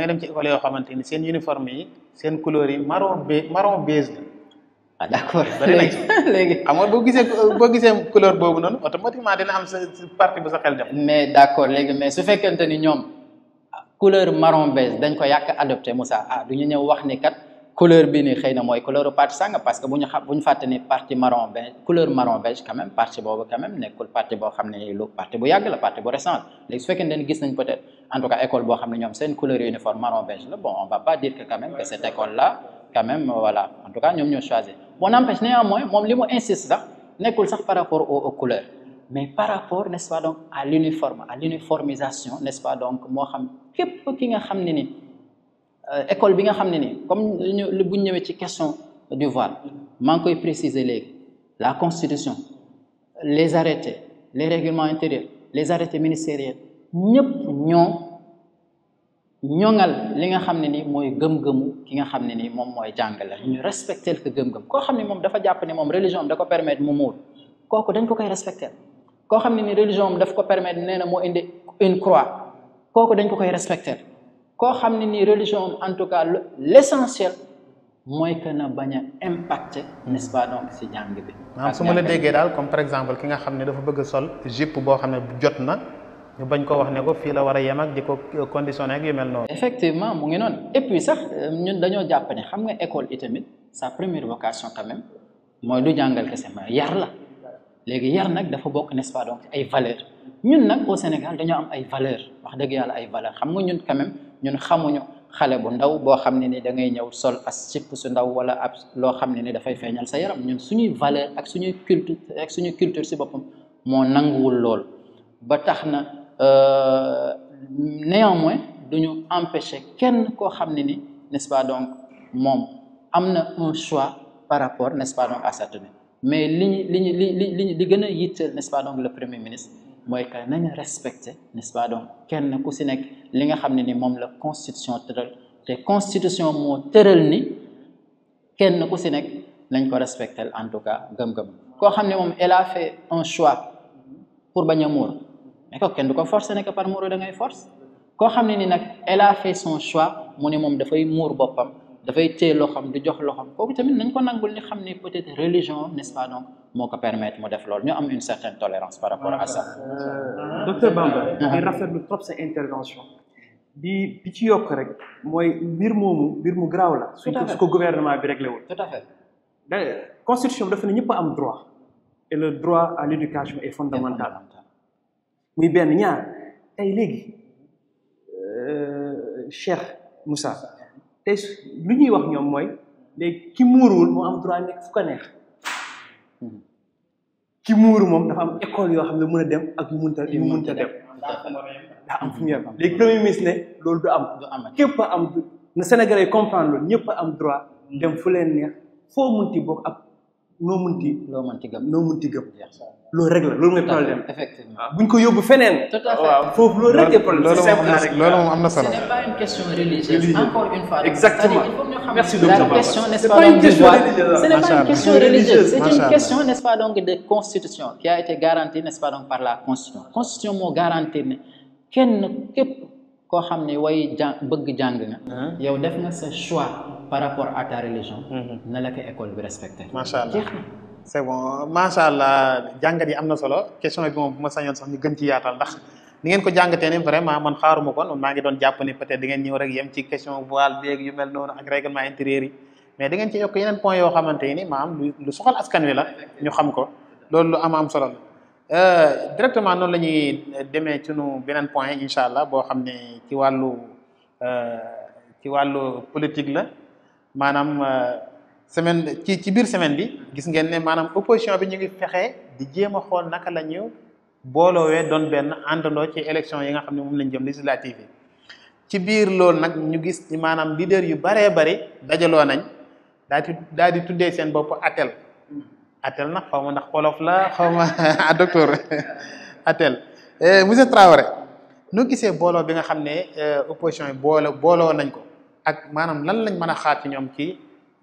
ah d' léegi *laughs* léegi xam nga boo gisee boo gisee couleur boobu noonu automatiquement dina am sa partie bu sa dem. mais d' accord léegi mais su fekkente ni ñoom ah, couleur marron beige dañ ko yàq adopté Moussa ah du ñu ñëw wax ni kat couleur bi ni xëy na mooy couleur parti sanga parce que bu ñu xam bu fàtte ni parti marron beige couleur marron boobu quand même nekkul parti boo xam ne lu parti bu yàgg la parti bu récent léegi su fekkente ni gis nañ peut être en tout cas école boo xam ne ñoom seen couleur uniforme marron beige la bon on va pas dire que quand bon n'empêche néanmoins moom li mu insiste sax nekkul sax par rapport aux aux mais par rapport n'est-ce pas donc à l'uniforme à l'uniformisation n'est-ce pas donc moo xam képp ki nga xam ne ni euh, école bi nga xam ne ni comme ñu bu ñëwee ci question du voile maa ngi koy préciser léegi la constitution les arrêtés les règlements intérieurs les arrêtés ministériels ñëpp ñoo. ñoŋal li nga xam ne ni mooy gëm-gëmu ki nga xam ne ni moom mooy jàngale ñu respecté ko gëm-gëm koo xam ne moom dafa jàpp ne moom religion am da ko permettre mu muur kooku dañ ko koy respecté koo xam ne ni religion am daf ko permettre nee na moo indi une croix kooku dañ ko koy respecté koo xam ne ni religion en tout cas l' essentiel mooy que na bañ a impacté pas donc si jàng bi. maanaam su ma la déggee daal comme par exemple ki nga xam ne dafa bëgg sol jupe boo xam ne jot na. ñu bañ koo wax ne ko fii la war a yem ak di ko conditionné ak yu mel noonu. effectivement mu ngi noonu et puis sax euh, ñun dañoo jàpp ne xam nga école itamit sa première vocation quand mooy du jàngal kese ma la léegi yar nag dafa bokk n'est-ce ay valeurs ñun nag Sénégal dañoo am ay valeurs wax dëgg yàlla ay valeurs xam nga ñun quand ñun xamuñu xale bu ndaw boo xam ne ni da ngay ñëw sol as cipp su ndaw wala ab loo xam ne ni dafay feeñal sa yaram ñun suñuy valeur ak suñuy culture ak suñuy si boppam moo nanguwul lool ba tax na. Euh, néanmoins du ñu empêcher kenn koo xam ne ni n'est-ce pas donc moom am na un choix par rapport n'est-ce pas donc à sa tenue mais li ñu li ñu li li li gën a yitteel nest pas donc le premier ministre mooy que nañu respecter nest pas donc kenn ku si nekk li nga xam ne ni moom la constitution tëral te constitution moo tëral ni kenn ku si nekk nañ ko respecter en tout cas gëm-gëm koo xam ne moom elle a fait un choix pour bañ a mais ko kenn du ko forcer ne que par muuru da ngay force koo xam ne ni nag elle a fait son choix mu ne moom dafay muur boppam dafay téye loxoom du jox loxoom kooku tamit nañ ko nangul ni xam ne peut-être religion n'est-ce pas donc moo ko permettre mu def loolu ñu am une certaine tolérance par rapport à ça. Euh, docteur Bamba. di mhm. rafetlu trop sa intervention. bi bi ci yokk rek mooy mbir moomu mbir mu garaaw la. tout su ko gouvernement bi réglé wul. tout à fait. da constitution bi dafa ne ñëpp a am et le droit à l'éducation est fondamental. muy benn ñaar ay léegi eh, Cheikh Moussa tey lu ñuy wax ñoom mooy léegi ki muuruwul moo am droit nekk fu ko neex ki muuru moom dafa am école yoo xam ne mën a dem ak yu mënta yu mënta dem daa am fu mu yem léegi premier ministre ne loolu du am képp am na Sénégalais comprendre loolu ñëpp am droit dem fu leen ne foo mënti bokk ak noo mënti. loo mënti gëm noo mënti gëm. problème. effectivement bu ñu ko yóbbu feneen. tout à fait waaw foofu loolu rek. problème c'est simple rek am na solo. ce n'est pas une question religieuse. encore une fois. exactement merci beaucoup question nest pas donc de loi ce n'est pas une question religieuse c'est une question n'est-ce pas donc de constitution qui a été garantie nest pas donc par la constitution constitution moo garantie ne koo xam ne way jàng bëgg jàng nga yow def nga sa choix par rapport à ta religion mm-hmm. na la ko école bi respecté macha allah c'est bon macha allah jàngat yi am na solo question bi bu ma sañoon sax ñu gën ci yaatal ndax ni ngeen ko jàngatee ne vraiment man xaaruma ko maa ngi doon jàpp ne peut-être di ñëw rek yem ci question voile beeg yu mel noonu ak règlement intérieur yi mais da ngeen ci yokk yeneen point yoo xamante maam lu soxal askan wi la ñu xam ko loolu Euh, directement noonu la ñuy demee ci nu beneen point incha allah boo xam ne ci wàllu euh, ci wàllu politique la maanaam euh, semaine ci ci biir semaine bi gis ngeen ne maanaam opposition bi ñu ngi fexe di jéem a xool naka la ñu booloowee doon benn àndandoo ci élection yi nga xam ne moom lañ jëm législative yi ci biir loolu nag ñu gis maanaam leader yu baree bari dajaloo nañ daa di daa di tuddee seen bopp atel atel na xaw ma ndax polof la *laughs* xawma ma ah docteur *laughs* atel eh, monsieur Traoré nu gisee booloo bi nga xam ne eh, opposition yi boolo booloo nañ ko ak maanaam lan lañ mën a xaar ci ñoom ci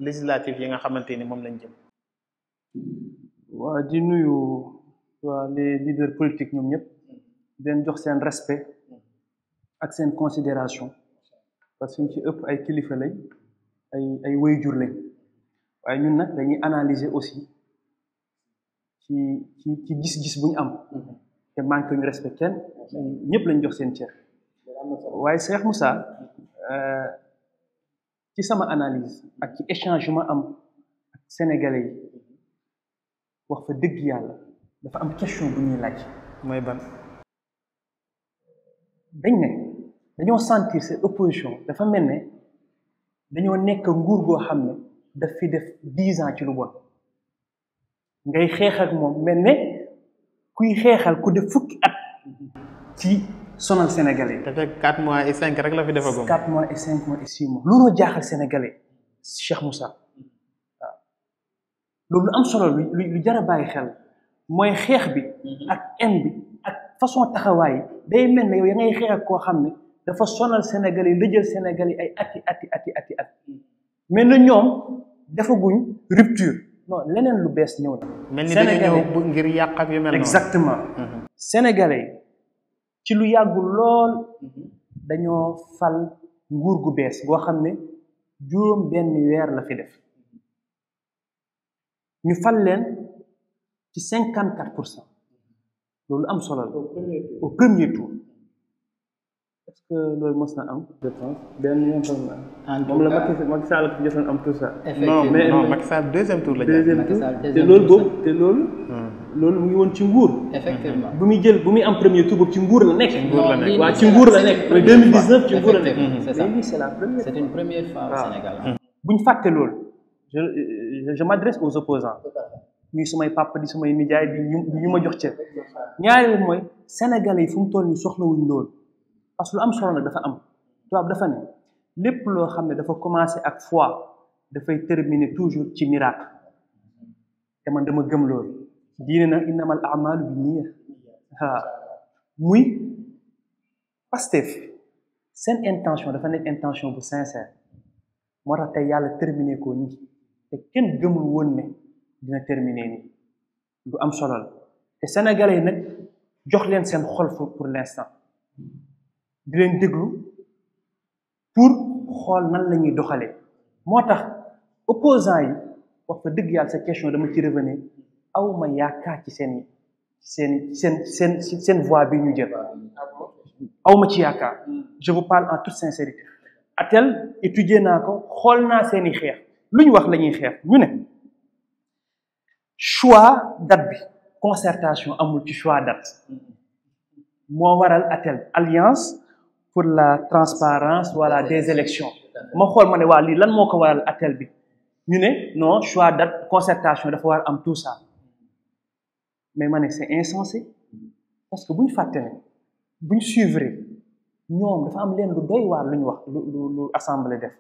législative yi nga xamante ni moom lañ jëm. waa di nuyu waa les politique ñoom ñëpp den jox seen respect ak seen considération parce que ci ëpp ay kilifa lañ ay ay wayjur lañ waaye ñun na dañuy analyser aussi. ci ci ci gis-gis bu am te manque ñu respect kenn ñëpp lañ jox seen cër waaye Cheikh Moussa euh, ci sama analyse ak ci échangement am ak sénégalais yi wax fa dëgg yàlla dafa am question bu ñuy laaj dañ ne dañoo sentir cette opposition dafa mel ne dañoo nekk nguur goo xam ne daf fi def dix ans ci lu bon ngay xeex moom mel ne kuy xeexal ku def fukki at ci sonal sénégalais. te fekk 4 mois et 5 rek la fi defagum. 4 mois et 5 mois et 6 mois. looloo jaaxal sénégalais Cheikh Moussa waaw loolu am solo lu lu jar a bàyyi xel mooy xeex bi ak en bi ak façon taxawaay day mel ne yow ngay xeex ak koo xam ne dafa sonal sénégalais la jël sénégalais ay ati ati ati ati at mel na ñoom defaguñ rupture. non leneen lu bees ñëw na. mel ngir yàq ak yu mel noonu exactement. Mhm. ci lu yàggul lool mhm. dañoo fal nguur gu bees goo xam ne juróom benn weer la fi def ñu fal leen ci cinquante quatre pour cent loolu am solo la au premier tour. que loolu mos na am. je pense benn la Macky Macky Sall fi jotoon am tout ça. effectivement non mais non Macky Sall deuxième tour la deuxième tour te loolu boobu te loolu. loolu mu ngi woon ci nguur. bu muy jël bu muy am premier tour boobu ci nguur la nekk. ci nguur la nekk waaw ci nguur la nekk. bu ñu fàtte loolu je je m'adresse aux opposants ñuy sumay papa di sumay nijaay bi ñu ñu ma jox cër ñaareel mooy sénégalais yi fu mu toll nii soxlawuñ loolu parce que lu am solo nag dafa am tubaab dafa ne lépp loo xam ne dafa commencé ak foi dafay terminer toujours ci miracle te man dama gëm loolu diine nag innamal amalu bi niya waaw muy Pastef seen intention dafa nekk intention bu sincère moo tax tey yàlla terminer ko nii te kenn gëmul woon ne dina terminer nii lu am solo la te sénégalais yi nag jox leen seen xol pour l'instant di leen déglu pour xool nan la ñuy doxalee moo tax opposant yi wax fa dëgg yàlla sa question dama ci revenir aw ma yaakaar ci seen seen seen seen seen voie bi ñu jël aw ma ci yaakaar je vous parle en toute sincérité atel étudier naa ko xool naa seeni xeex lu ñu wax la ñuy xeex ñu ne choix date bi concertation amul ci choix date moo waral atel alliance pour la transparence voilà des élections ma xool ma ne waa lii lan moo ko waral atel bi ñu ne non choix date concertation dafa war am tout ça mais ma ne c'est insensé parce que bu ñu fàtte ne bu ñu ñoom dafa am leen lu doy waar lu ñu wax lu lu assemblée def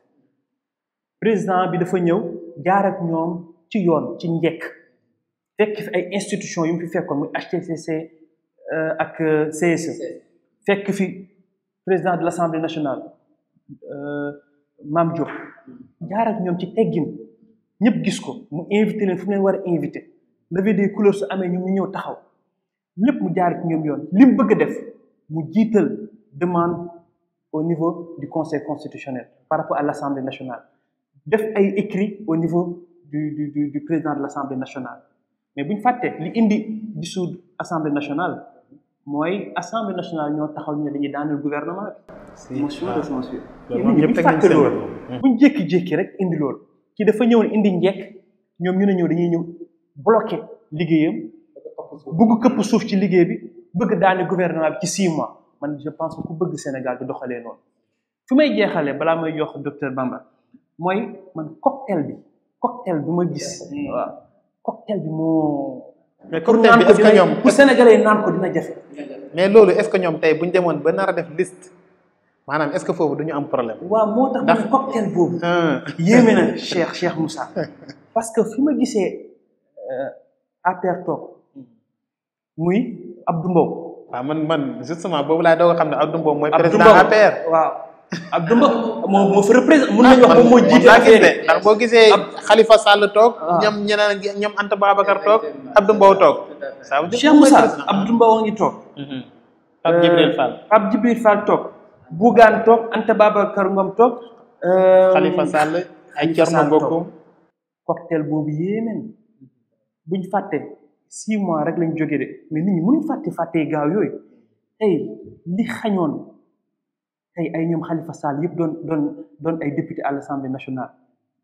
président bi dafa ñëw jaar ak ñoom ci yoon ci njëkk fekk fi ay institutions yu mu fi fekkoon muy HTCC euh, ak euh, CSE fekk fi président de l' assemblée nationale euh, Mame Diop jaar ak ñoom ci teggin ñëpp gis ko mu invité fu mu leen war a invité levée des couleurs su amee ñu mu ñëw taxaw lépp mu jaar ci ñoom yoon li mu bëgg a def mu jiital demande au niveau du conseil constitutionnel par rapport à l' assemblée nationale def ay écrit au niveau du du président de l' assemblée nationale mais bu ñu fàttee li indi dissoudre assemblée nationale mooy assemblée nationale ñoo taxaw ñu ne dañuy daaneel gouvernement bi. motion de censure. loolu ñëpp teg nañ jékki-jékki rek indi loolu. ki dafa ñëw indi njekk ñoom ñu ne ñëw dañuy ñëw bloqué liggéeyam. bëgg këpp suuf ci liggéey bi bëgg daane gouvernement bi ci six man je pense ku bëgg Sénégal du doxalee noonu. fi may jeexalee balaa may jox docteur Bamba mooy man cocktail bi cocktail bi ma gis. Hmm. waaw cocktail bi moo. mais cocktail bi est-ce que ñoom pour sénégalais yi naan ko dina jafe. mais loolu est-ce que ñoom tey bu ñu demoon ba a def list maanaam est-ce que foofu duñu am problème. waaw moo tax ndax cocktail boobu. Ah. yéeme na Cheikh Cheikh Moussa. parce que fi ma gisee euh, APR toog muy Abdou Mbow. waaw man man justement boobu laay doog a xam ne Abdou Mbow mooy président APR Abdou Mbow moo moo fa représenté mën nañu wax moom moo jiite affaire yi ndax boo gisee Khalifa Sall toog ah. ñoom ñeneen ñoom Anta Babacar toog Abdou Mbow toog ça veut dire Cheikh Moussa Abdou Mbow toog mhm. euh, Pape Djibril toog Bougane toog Anta Babacar Ngom toog euh, Khalifa Sall ay Thierno cocktail boobu yéeneen buñ fàtte six mois rek lañ jógee de mais nit ñi mënuñ fàtte gaaw yooyu tey li xañoon tey ay ñoom xalifa Sall yëpp doon doon doon ay député à l'Assemblée nationale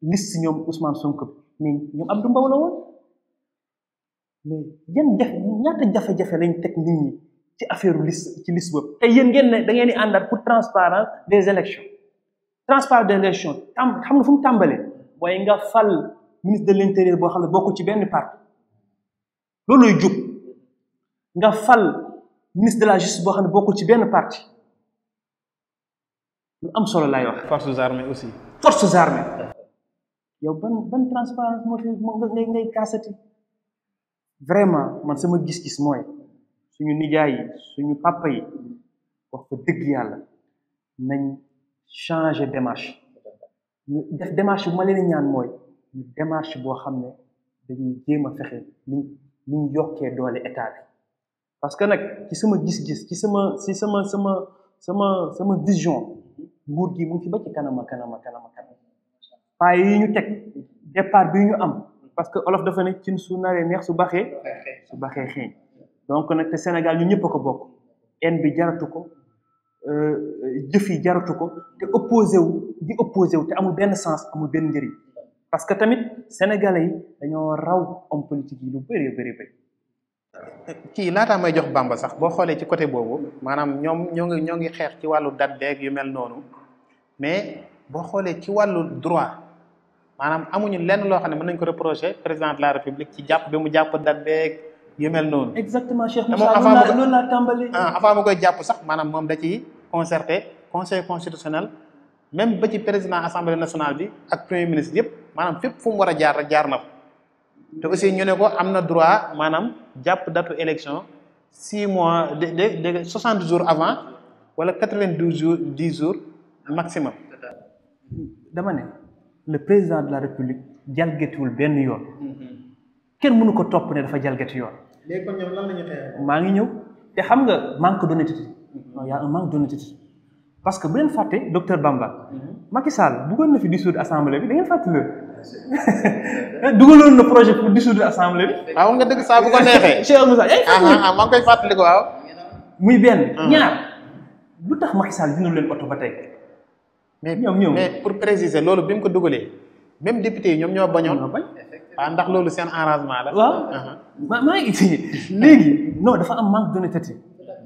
liste ñoom Ousmane Sonko mais ñoom Abdou Mbow la woon mais yan jafe ñaata jafe-jafe lañ teg nit ci affaire liste ci liste boobu tey yéen ngeen ne da ngeen di àndaat pour transparence des élections transparence des élections tam xam nga fu tàmbalee waaye nga fal ministre de l'intérieur boo xam ne bokku ci benn parti loolu lay jub nga fal ministre de la justice boo xam ne bokkul ci benn parti lu am solo laay wax. forces armées aussi. forces armées. yow ban ban moo fi moo ngay ngay kaasati vraiment man sama gis-gis mooy suñu nijaay yi suñu papa yi wax fa dëgg yàlla nañ changer démarche ñu def démarche bu ma leen ñaan mooy ñu démarche boo xam ne dañuy jéem a fexe liñ liñ yokkee doole état bi parce que nag ci sama gis-gis ci sama si sama sama sama sama vision. nguur gi mu ngi fi ci kanama kanama kanama kanam paa yi ñu teg départ bi ñu am parce que olof dafa ne cin su naree neex su baxee su baxee xeeñ donc nag te Sénégal ñu ñëpp a ko bokk en bi jaratu ko euh, jëf yi jaratu ko te opposé wu di opposé wu te amul benn sens amul benn njëriñ parce que tamit sénégalais yi dañoo raw homme politique yi lu bëree bëri bëri kii laataa may jox Bamba sax boo xoolee ci côté boobu maanaam ñoom ñoo ngi ñoo ngi xeex ci wàllu date beeg yu mel noonu mais boo xoolee ci wàllu droit maanaam amuñu lenn loo xam ne mën nañ ko reprocher président de la république ci jàpp bi mu jàpp date beeg yu mel noonu. exactement Cheikh Moussa loolu laa tàmbali ah, avant mu koy jàpp sax maanaam moom da ci concerté conseil constitutionnel même ba ci président assemblée nationale bi ak premier ministre yëpp maanaam fépp fu mu war a jaar rek jaar na ko te aussi ñu ne ko am na droit maanaam jàpp datu élection six mois de de soixante jours avant wala quatre vingt douze jours. maximum. dama ne le président de la république jalgatiwul benn yoon. Mhm. kenn mënu ko topp ne dafa jalgati yoon. léegi kon ñoom maa ngi ñëw te xam nga manque d'honnêteté. Mhm. non y a un manque d'honnêteté parce que bu leen fàtte docteur Bamba. Mhm. Macky Sall bëggoon na fi dissoudre assemblée bi da ngeen fàttali *laughs* eh, dugaloon na projet pour dissoudre assemblée bi. Ah, waaw nga dëgg saa bu ko neexee. *laughs* Eh? fàttali ko waaw. muy benn. ñaar lu tax Macky Sall dina leen oto ba tey. mais mais pour préciser loolu bi mu ko dugalee même député ñoom ñoo bañoon. ñoo bañ waaw ah, ndax loolu seen arrangement la. waaw uh-huh. maa maa ngi ci léegi non dafa am manque d'honnêteté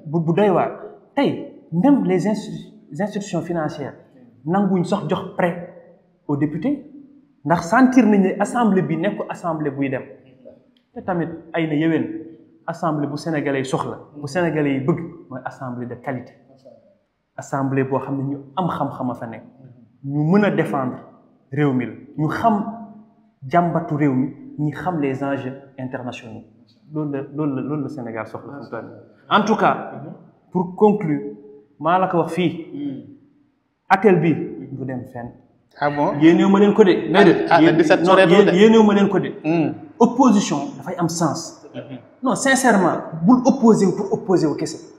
bu bu doy waar tey même les institutions financières nanguñ sox jox prêt aux député ndax sentir nañ ne assemblée bi nekk assemblée buy dem te tamit ay na yeween assemblée bu sénégalais soxla bu sénégalais yi bëgg mooy assemblée de qualité. assemblée boo xam ne ñu am xam-xam a sa nekk ñu mën a défendre réew mi la ñu xam jàmbatu réew mi ñu xam les enjeux internationaux loolu la loolu la loolu la Sénégal soxla fu mu en tout cas pour conclure maa la ko wax fii atel bi du dem fen ah bon yéeneewu ma neen ko de. ah le 17 soreetul ma leen ko de. opposition dafay am sens. Mm-hmm. non sincèrement bul opposé wu pour opposé wu kese.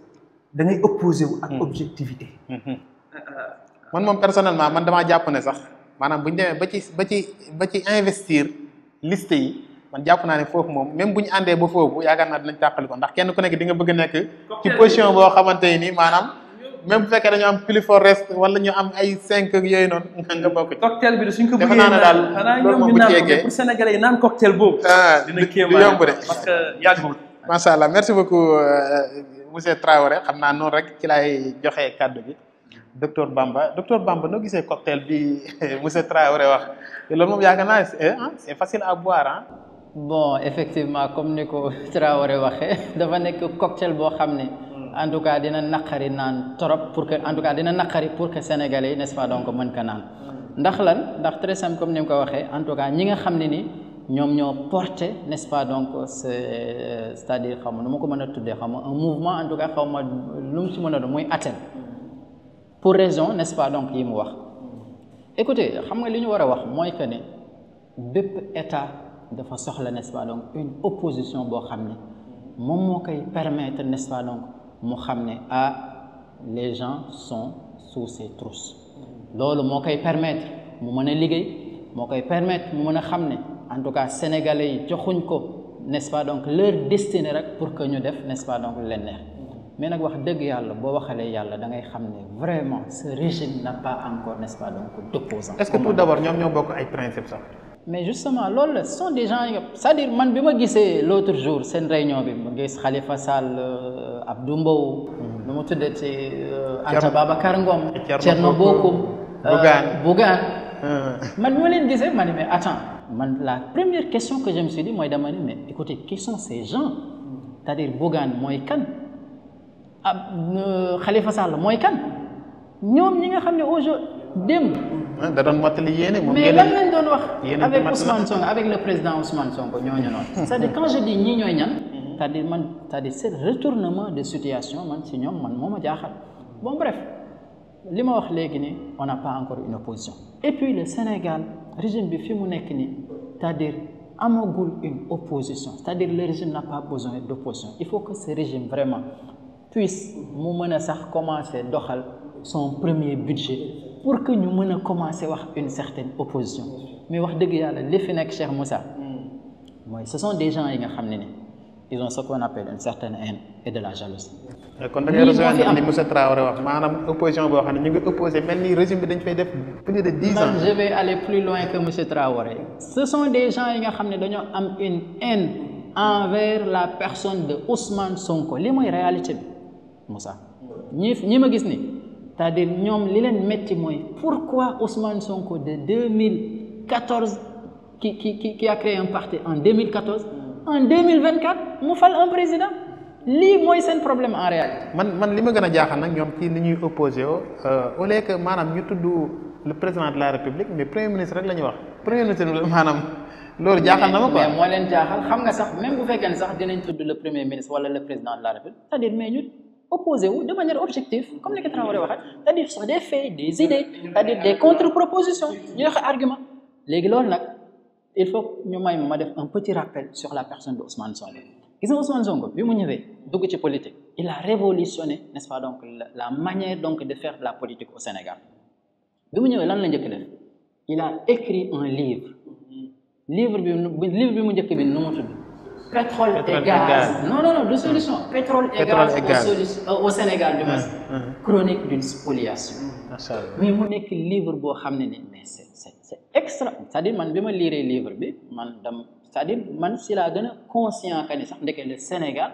da ngay opposé wu ak hmm. objectivité. Hmm, hmm. Euh, man moom personnellement man damaa jàpp ne sax maanaam bu ñu demee ba ci ba ci ba ci investir liste yi man jàpp naa ne foofu moom même bu ñu àndee ba foofu yaakaar naa dinañ tàqali ko ndax kenn ku nekk dinga bëgg a nekk ci position boo xamante ni maanaam. même bu fekkee dañoo am plus fort reste wala ñu am ay cinq yooyu noonu nga nga bokk ci. cocktail bi de suñ ko bëggee naan daal loolu moom bu ci yeggee pour sénégalais yi naan cocktail boobu. Ah, dina kéemaay merci beaucoup. Euh, monsieur Traoré xam naa noonu rek ci laay joxe kàddu gi docteur Bamba docteur Bamba noo gisee cocktail bi *laughs* monsieur Traoré wax loolu moom yaakaar naa c'est facile à boire ah. bon effectivement comme ni ko *laughs* Traoré waxee *laughs* dafa nekk cocktail boo xam ne. Hmm. en tout cas dina naqari naan trop pour que en tout cas dina naqari pour que sénégalais nest pas donc mën ko naan. Hmm. ndax lan ndax très simple comme ni ko waxee en ñi nga xam ne ni. ñoom ñoo porté n'est-ce pas donc c'est cest xaw ma nu ma ko mën a tuddee xaw ma un mouvement en tout cas xaw ma lu mu ci mën a doon muy Athènes pour raison n'est-ce pas donc yi mu wax écoutez xam nga li ñu war a wax mooy que ne bépp état dafa soxla n'est-ce pas donc une opposition boo xam ne moom moo koy permettre n'est-ce pas donc mu xam ne ah les gens sont sous ses loolu moo koy permettre mu mën a liggéey moo koy permettre mu mën a xam ne en tout cas sénégalais yi joxuñ ko n'est-ce pas donc leur destinée rek pour que ñu def n'est-ce pas donc leen neex mais nag wax dëgg yàlla boo waxalee yàlla da ngay xam ne vraiment ce régime n'a pas encore n'est-ce pas donc d'opposant est-ce bokk ay principe sax mais justement loolu la ce sont des gens yo cest dire man bi ma gisee l'autre jour seen réunion bi mu gis Khalifa Sall euh, Abdou Mbow lu hmm. mu tuddee ci euh, Anta Babacar Ngom Thierno Bocoum euh, Bougane Bougane hmm. man bi ma leen gisee ma ne mais attends man la première question que je me suis mooy dama ne mais écoutez qui sont ces gens c'est-à-dire Bougane mooy kan ab ah, euh, Khalifa Sall mooy kan ñoom ñi nga xam ne aujourd'hui démb. Ah, da doon mottali yéene moom mais lan lañ doon wax. avec Ousmane Sonko avec le président Ousmane Sonko ñooñu noonu. cest dire quand je dis ñii ñooy ñan. c'est-à-dire man c'est-à-dire c'est retournement de situation man si ñoom man moo ma jaaxal bon bref li ma wax léegi nii on n'a pas encore une opposition et puis le Sénégal. régime bi fi mu nekk nii c'est-à-dire amagul une opposition c'est-à-dire le régime n'a pas besoin d'opposition il faut que ce régime vraiment puisse mu mën a sax commencer doxal son premier budget pour que ñu mën a commencer wax une certaine opposition mais wax dëgg yàlla li fi nekk Cheikh Moussa mooy ce sont des gens yi nga xam ne ni ils ont ce qu'on appelle une certaine haine et de la jalousie Euh, kon da ngay rejoindre li monsieur Traoré wax maanaam opposition boo xam ne ñu ngi opposé mel ni régime dañ fay def plus de dix ans. je vais aller plus loin que monsieur Traoré. ce sont des gens yi nga xam ne dañoo am une haine envers la personne de Ousmane Sonko li mooy réalité bi Moussa. ñi ñi ma gis ni c'est-à-dire ñoom li leen metti mooy pourquoi Ousmane Sonko de 2014 qui qui qui a créé un parti en 2014 en 2024 mu fal un président. lii mooy seen problème en réalité. man man li ma gën a jaaxal nag ñoom ci ni ñuy opposé woo euh, au lieu maanaam ñu tudd le président de la république mais premier ministre rek la ñuy wax premier ministre maanaam loolu jaaxal na ma quoi mais moo leen jaaxal xam nga sax même bu fekkee ne sax dinañ tudd le premier ministre wala le président de la république c'est-à-dire mais ñu opposé wu de manière objective comme sax des faits des idées cest dire des contre ñu joxe argument léegi loolu nag il faut ñu may ma def un petit rappel sur la personne de Ousmane Sonko. gis nga Ousmane bi mu ñëwee dugg ci politique il a révolutionné n'est-ce pas donc la manière donc de faire de la politique au Sénégal bi mu ñëwee lan la njëkk def il a écrit un livre livre bi livre bi mu njëkk bi nu mu tudd pétrole et gaz non non non solution pétrole et euh, au Sénégal du moins mmh, mmh, mmh. chronique d'une spoliation mais mu nekk livre boo xam ne ni mais c'est c'est extra cest dire man bi ma liiree livre bi man dam c'est-à-dire man si la gën a conscient que ni sax ndeke le Sénégal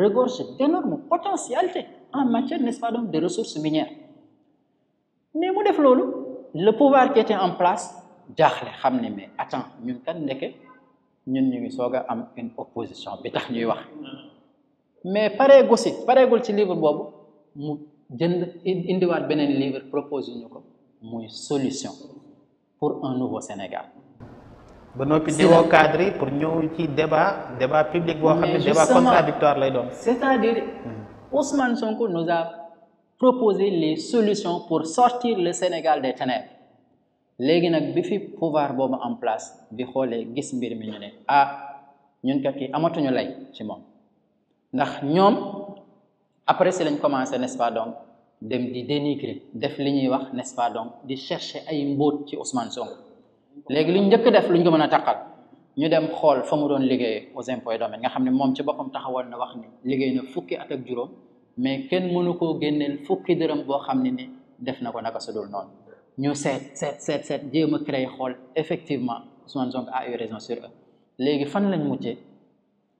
regorge d'énormes potentialités en matière n'est-ce pas donc de ressources minières mais mu def loolu le pouvoir qui était en place le xam ne mais attends ñun kan ndeke ñun ñu ngi soog a am une opposition bi tax ñuy wax mais pareegu si pareegul ci livre boobu mu jënd indiwaat beneen livre propose ñu ko muy solution pour un nouveau Sénégal ba noppi di woo cadre pour ñëw ci débat débat public boo xam ne débat contradictoire lay doon c'est-à-dire hmm. Ousmane Sonko nous a proposé les solution pour sortir le Sénégal des ténèbres léegi nag bi fi pouvoir boobu en place bi xoolee gis mbir mi ñu ne ah ñun kat yi amatuñu lay ci moom ndax ñoom après si lañ commencé n'est-ce donc dem di dénigrer def li ñuy wax nest donc di chercher ay mbóot ci Ousmane Sonko léegi lu ñu njëkk def lu ñu ko mën a taqal ñu dem xool fa mu doon liggéeyee aux impôts et domaines nga xam ne moom ci boppam taxawal na wax ni liggéey na fukki at juróom mais kenn mënu koo génneel fukki dërëm boo xam ne ni def na ko naka su dul noonu ñu seet seet seet seet jéem a créé xool effectivement Ousmane Sonko a eu raison léegi fan lañ mujjee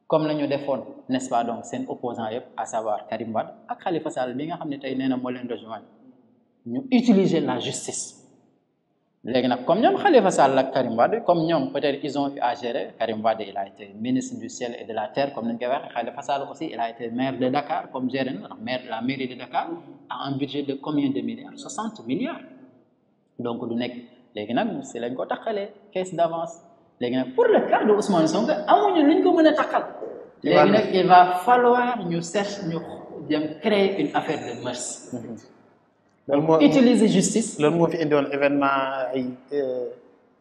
comme la ñu defoon ness ce pas donc seen opposant yëpp à savoir Karim Wade ak Khalifa Sall bi nga xam ne tey nee na moo leen rejoindre ñu utiliser la justice léegi nag comme ñoom Khalifa Sall ak Karim Wade comme ñoom peut-être ils ont eu à gérer Karim Wade il a été ministre du ciel et de la terre comme ni ñu koy waxee aussi il a été maire de Dakar comme géré na maire de la mairie de Dakar a un budget de combien de milliards donc du nekk léegi nag si lañ ko taqalee caisse d'avance léegi nag pour le cas de Ousmane Sonko amuñu luñ ko mën a taqal léegi nag il va falloir ñu cherche ñu jëm créer utiliser justice. loolu moo fi indi woon événement ay. Euh,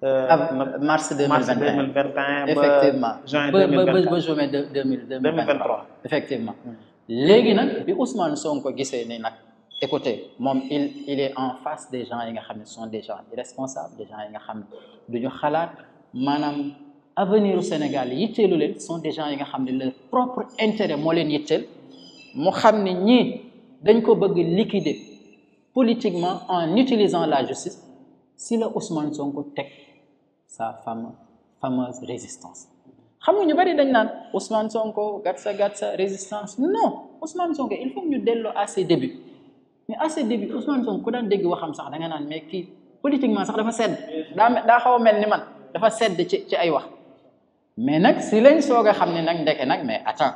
euh, mars deux mille vingt un effectivement juin deux mille vingt ba juin deux mille vingt trois effectivement. Hmm. léegi nag bi Ousmane ko gisee ni nag écoutez moom il il est en face des gens yi nga xam ne sont des gens irresponsables des gens yi nga xam ne du ñu xalaat maanaam avenir u Sénégal yitteelu leen sont des gens yi nga xam ne leur propre intérêt moo leen yitteel moo xam ne ñii dañ ko bëgg liquider. politiquement en utilisant la justice si la Ousmane Sonko teg sa fame fameuse résistance xam nga ñu bari dañ naan Ousmane Sonko gatsa gatsa résistance non Ousmane Sonko il faut ñu delloo à ses débuts mais à ses Sonko ku daan dégg waxam sax da naan mais kii politiquement sax dafa sedd daa daa xaw a mel ni man dafa sedd ci ci ay wax mais nag si lañ soog a xam ne nag ndeke nag mais attends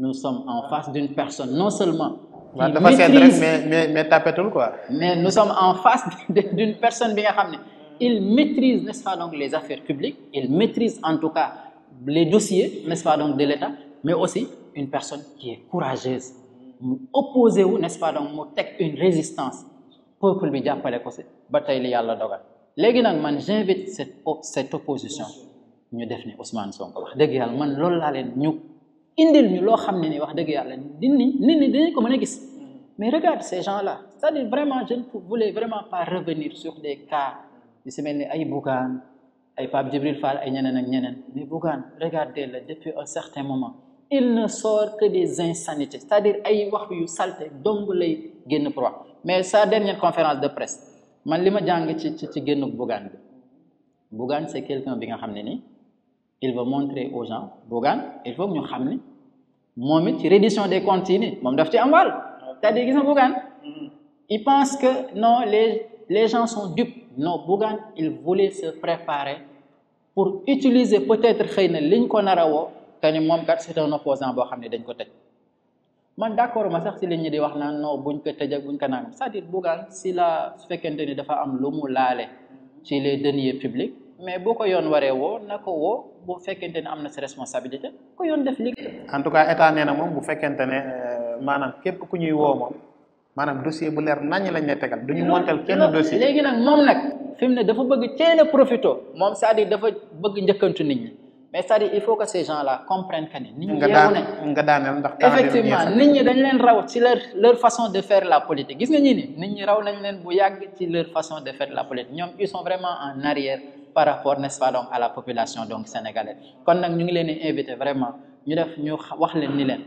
no sommes en face d'une personne non seulement waaw dafa sedd rek mais mais sommes en face *laughs* d'une personne bi nga xam ne il maîtrise n'est-ce pas donc les affaires publiques il maîtrise en tout cas les dossiers n'est-ce pas donc de l'État mais aussi une personne qui est courageuse mu opposé wu n'est-ce pas donc mu teg une résistance peuple bi jàppale ko si ba tey li yàlla dogal léegi nag man j'invite cette cette opposition ñu def ne Ousmane Sonko wax man loolu laa indil ñu loo xam ne ni wax dëgg yàlla nit ñi nit ñi dinañ ko mën a gis mm. mais regarde ces gens là c'est-à-dire vraiment je ne voulais vraiment pas revenir sur des cas yu si mel ni ay Bougane ay Pape Djibril Fall ay ñeneen ak ñeneen mais Bougane regardez la depuis un certain moment il ne sort que des insanités c'est-à-dire ay wax yu salté dong lay génn pour mais sa dernière conférence de presse man li ma jàng ci ci génn Bougane bi quelqu'un bi nga xam ne nii il veut montrer aux gens Bougane il faut ñu xam ni moom it ci reddition des comptes yi ni moom daf ci am wàll cest gis nga Bougane mm-hmm. il pense que non les les gens dupes non Bougane il voulait se préparer pour utiliser peut-être xëy na liñ ko nar a woo te ni moom kat c'est un opposant boo xam ne dañ ko tëj man d'accord ma sax si li ñu di wax naan non buñ ko tëj ak buñ ko naan cest dire Bougane si la su fekkente ni dafa am lu mu laale ci les deniers publics mais boo ko yoon waree woo na ko woo bu fekkente ne am na si responsabilité ko yoon def liggéey. en tout cas état nee na moom bu fekkente ne euh, maanaam képp ku ñuy woo moom maanaam dossier bu leer naññ lañ lay tegal. du ñu montal kenn dossier léegi nag moom nag fi mu ne dafa bëgg teel a moom cest di dafa bëgg njëkkantu nit ñi. mais c'est-à-dire il faut que ces gens-là comprennent que ni. nit ñi yeewu nañ nga daaneel ndax. leen raw ci leur leur façon de faire la politique gis nga ñii ni nit ñi raw nañ leen bu yàgg ci leur façon de faire la politique ñoom ils sont vraiment en arrière par rapport n'est-ce pas donc à la population donc sénégalaise kon nag ñu ngi leen di invité vraiment ñu def ñu wax leen ni leen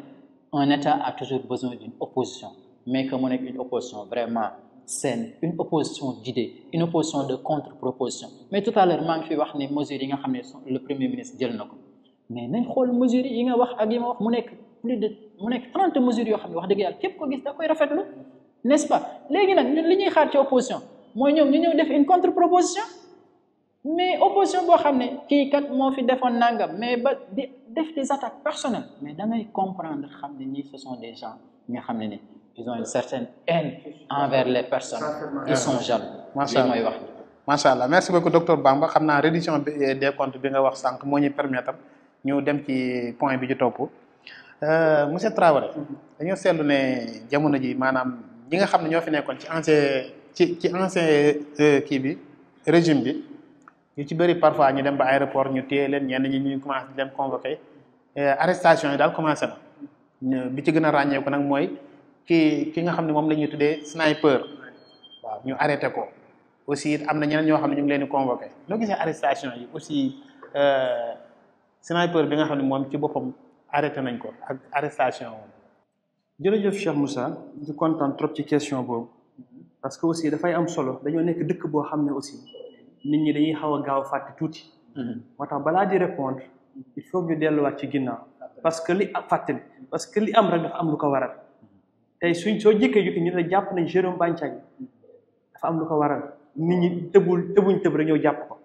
un État a toujours besoin d'une opposition mais que mu nekk une opposition vraiment. saine une opposition d'idées une opposition de contre-proposition mais tout à l'heure maa ngi fi wax ni mesures yi nga xam ne le premier ministre jël na ko mais nañ xool mesures yi nga wax ak yi ma wax mu nekk plus de mu nekk trente mesures yoo xam ne wax dëgg yàlla képp ko gis da koy rafetlu n'est-ce pas nag li ñuy xaar ci opposition mooy ñoom ñu ñëw def une contre-proposition mais opposition boo xam ne kii kat moo fi defoon nangam mais ba di def des attaques personnelles mais da ngay comprendre xam ne des gens nga ils ont une certaine haine envers les personnes ils sont macha allah merci beaucoup docteur Bamba xam naa réduction euh, des comptes bi nga wax sànq moo ñu permettre ñu dem ci point bi ci topp euh, monsieur Traoré dañoo seetlu ne jamono ji maanaam ñi nga xam ne ñoo fi nekkoon ci ancien ci ci ancien euh, kii bi régime bi ñu ci bëri parfois ñu dem ba aéroport ñu téye leen ñenn ñu ñu commencé di leen arrestation yi daal commencé bi ci gën a ràññeeku nag mooy ki ki nga xam ne moom la ñuy tuddee sniper waaw ñu arrêté ko aussi it am na ñeneen ñoo xam ne ñu ngi leen di convoqué noo gisee arrestation yi aussi euh, sniper bi nga xam ne moom ci boppam arrêté nañ ko ak arrestation moom jërëjëf Cheikh Moussa di kontaan trop ci question boobu parce que aussi dafay am solo dañoo nekk dëkk boo xam ne aussi nit ñi dañuy xaw a gaaw fàtte tuuti mm-hmm. moo tax balaa di répondre il faut ñu delluwaat ci ginnaaw parce que li fàttali parce li am rek dafa am ko waral tey suñ soo jëkkee jukki ñu na jàpp nañ Jérôme Bandiaky dafa am lu ko waral nit ñi tëbul tëbuñ tëb rek ñëw jàpp ko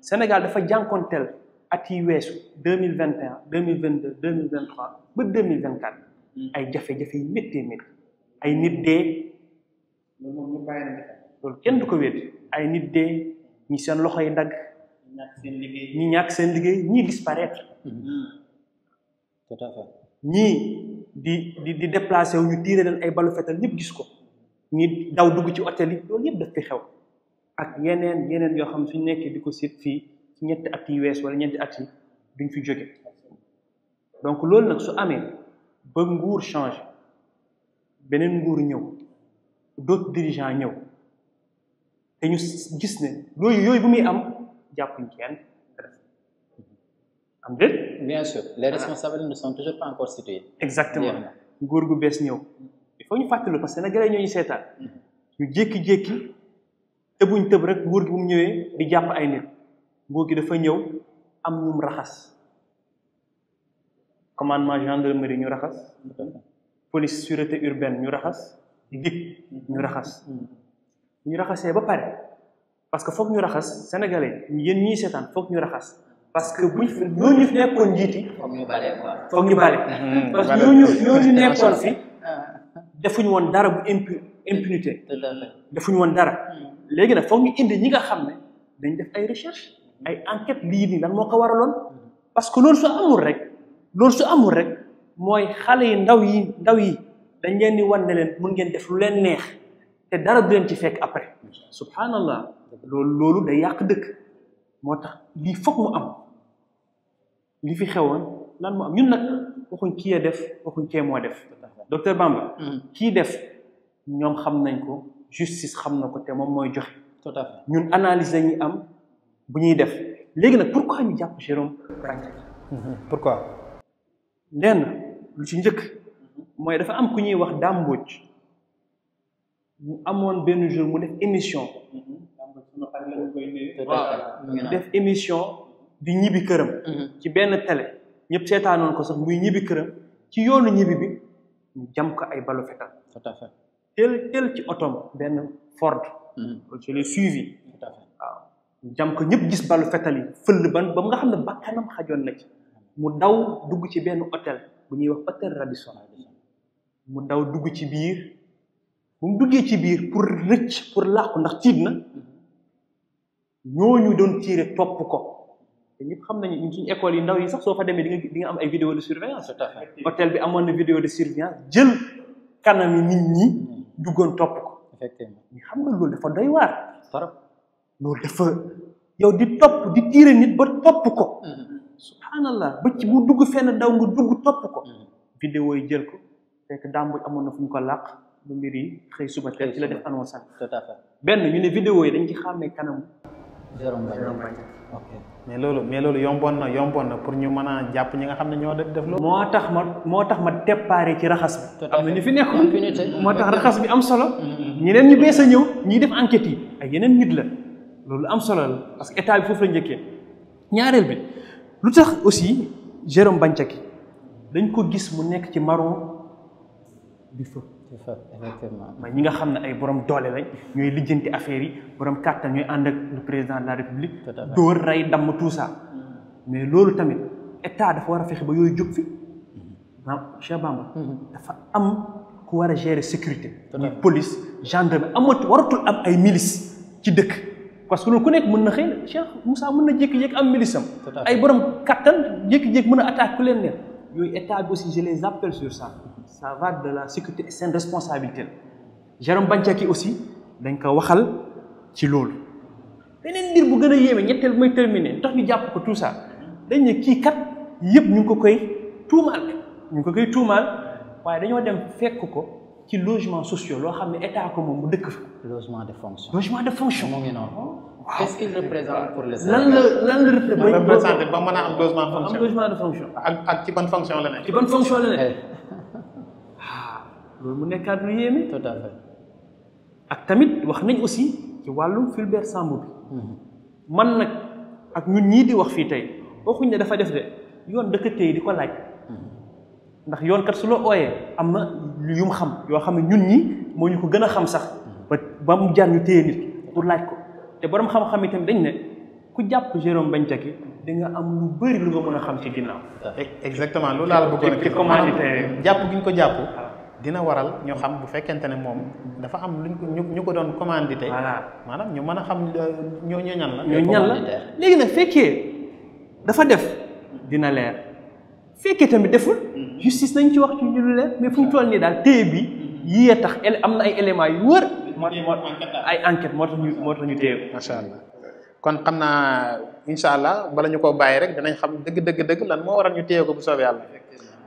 Sénégal dafa jànkonteel at yi weesu deux mille vingt et deux mille vingt deux trois ba deux mille vingt quatre hmm. ay jafe-jafe yu méttee métti ay nit dee kenn du ko wéet ay nit dee ñi seen loxo yi dagg ñi ñàkk seen liggéey ñii disparaître hmm. ñii di di di déplacé wu ñu tiire leen ay balofetal fetal ñëpp gis ko ñi daw dugg ci hôtel yi loolu yëpp daf fi xew ak yeneen yeneen yoo xam suñ nekkee di ko sit fii ci ñetti at yi wees wala ñetti at yi duñ fi jóge donc loolu nag su amee ba nguur change beneen nguur ñëw d'autres dirigeants ñëw te ñu gis ne loolu yooyu bu muy am jàppuñ kenn am les responsables ne sont toujours pas encore exactement nguur gu bees ñëw. il ñu fàttalu parce que Sénégalais ñoo ñu seetaan. Mm-hmm. ñu jékki-jékki tëbuñ tëb rek nguur gi bu mu ñëwee di jàpp ay nit nguur gi dafa ñëw am ñu mu raxas commandement gendarmerie ñu raxas. police sûreté urbaine ñu raxas. dig ñu raxas. Mm-hmm. ñu raxasee ba pare parce que foog ñu raxas sénégalais yéen ñii seetaan foog ñu raxas. parce que buñ fi ñooñu fi nekkoon njiiti. foog ñu bale foog ñu bale. Mm-hmm. Mm-hmm. parce que ñooñu ñooñu nekkoon fi. Ah. defuñu woon dara bu impu impunité. defuñu woon dara. Mm. léegi nag foog ñu indi ñi nga xam ne dañ def ay recherche ay enquête lii nii lan moo ko waraloon. Mm. parce que loolu su amul rek loolu su amul rek mooy xale yi ndaw yi ndaw yi dañ leen di wan ne leen mun ngeen def lu leen neex te dara du leen ci fekk après. Mm. subhanallah loolu loolu day yàq dëkk moo tax lii foog mu am. li fi xewoon lan moo am ñun nag waxuñ kii a def waxuñ kee moo def docteur Bamba hmm. kii def ñoom xam nañ ko justice xam na ko te moom mooy joxe tout ñun analyse la am bu ñuy def léegi nag pourquoi ñu jàpp Jérôme Brancagne hmm, quoi lenn lu ci njëkk mooy dafa am ku ñuy wax Dame Mbodj mu amoon benn jour mu def émission hmm. def émission di ñibbi këram. Mhm. ci benn télé ñëpp seetaanoon ko sax muy ñibbi këram ci yoonu ñibbi bi ñu jam ko ay balu fetal. tout ci otoom benn Ford. je mhm. l'ai suivi. tout jam ko ñëpp gis balu fetal yi fël ban ba nga xam ne bakkanam xajoon na ci. mu daw dugg ci benn hôtel bu ñuy wax hôtel Radisson. mu daw dugg ci biir bu mu duggee ci biir pour rëcc pour làqu ndax tiit na mhm. ñooñu doon tiire topp ko. te ñëpp xam nañu ñun suñu école yi ndaw yi sax soo fa demee di nga di nga am ay vidéo de surveillance. tout bi amoon na vidéo de surveillance jël kanami nit ñi duggoon topp ko. effectivement xam nga loolu dafa doy waar. trop loolu dafa yow di topp di tiire nit ba topp ko. Mm-hmm. subhanallah ba ci bu dugg fenn daw nga dugg topp ko. Mm-hmm. vidéo yi jël ko fekk dàmbu amoon na fu ñu ko làq. bu mbir yi xëy suba teel ci la def annonce. tout à benn ñu ne vidéo yi dañ ci xàmmee kanam. mais loolu mais loolu yomboon na yomboon na pour ñu mën a jàpp ñi nga xam ne ñoo def def loolu. moo tax ma moo tax ma ci raxas bi. am na ñu fi nekk moo tax raxas bi am solo. Mm-hmm. Mm-hmm. ñeneen ñu bees a ñëw ñiy def enquête yi ay yeneen nit la loolu am solo la parce que état bi foofu la njëkkee ñaareel bi lu tax aussi Jérôme Bandiaky dañ ko gis mu nekk ci marron bi exactement mooy ñi nga xam ne ay borom doole lañ ñooy lijjanti affaire yi borom kàttan ñooy ànd ak le président de la république. dóor rey damm tout mais loolu tamit état dafa war a fexe ba yooyu jóg fi maanaam Cheikh Bamba. Mhm. dafa am ku war a gérer sécurité. muy police gendarmerie amatu waratul am ay milice ci dëkk. parce que loolu ku nekk mën na xëy na Cheikh mën na jékki-jékki am milisam ay borom kattan jékki-jékki mën a attaque ku leen yooyu état bi aussi je les appelle sur ça. ça va de la sécurité seen responsabilité la Jérôme Bandiaky aussi dañ ko waxal ci loolu beneen mbir bu gën a yéeme ñetteel bu may terminer tax ñu jàpp ko tout ça dañ ne kii kat yëpp ñu ngi ko koy tuumaal ñu ngi ko koy tuumaal waaye dañoo dem fekk ko ci logement social loo xam ne état ko moom mu dëkk logement de fonction. logement de fonction moo ngi noonu. waaw qu'est-ce qu'il représente pour le Sénégal. lan la lan la représenté ba mën a am logement de fonction. am logement de fonction. ak ak ci fonction la nekk. ci fonction la nekk. Eh. loolu mu nekkaat lu yéeme. tout ak tamit wax nañ aussi ci wàllu Fulbert Sambou bi. Mm-hmm. man nag ak ñun ñii di wax fii tey waxuñ ne dafa def de yoon dëkk tey di ko laaj. Mm-hmm. ndax yoon kat su la ooyee am na yu xam yoo xam ne ñun ñi moo ñu ko gën a xam sax. Mm-hmm. ba ba mu jaar ñu téye nit pour laaj ko te borom xam-xam yi tamit dañ ne ku jàpp Jérôme Bandiaky di nga am lu bëri lu nga mën a xam ci ginnaaw. exactement loolu laal la bëggoon a. ci jàpp gi ñu ko jàpp. dina waral ñu xam bu fekkente ne moom dafa am luñ ko ñu ko doon commandité. maanaam ñu mën a xam euh, ñoo ñu ñan la. ñoo ñan la léegi nag fekkee dafa def dina leer fekkee tamit deful. Mm. justice nañ ci wax ci ñu lu leer mais fu mu nii daal téye bi yii a tax am na ay éléments yu wër. ay enquête ay tax ñu moo tax ñu téye. macha allah kon xam naa incha allah bala ñu koo bàyyi rek danañ xam dëgg dëgg dëgg lan moo waral ñu téye ko bu soobee yàlla.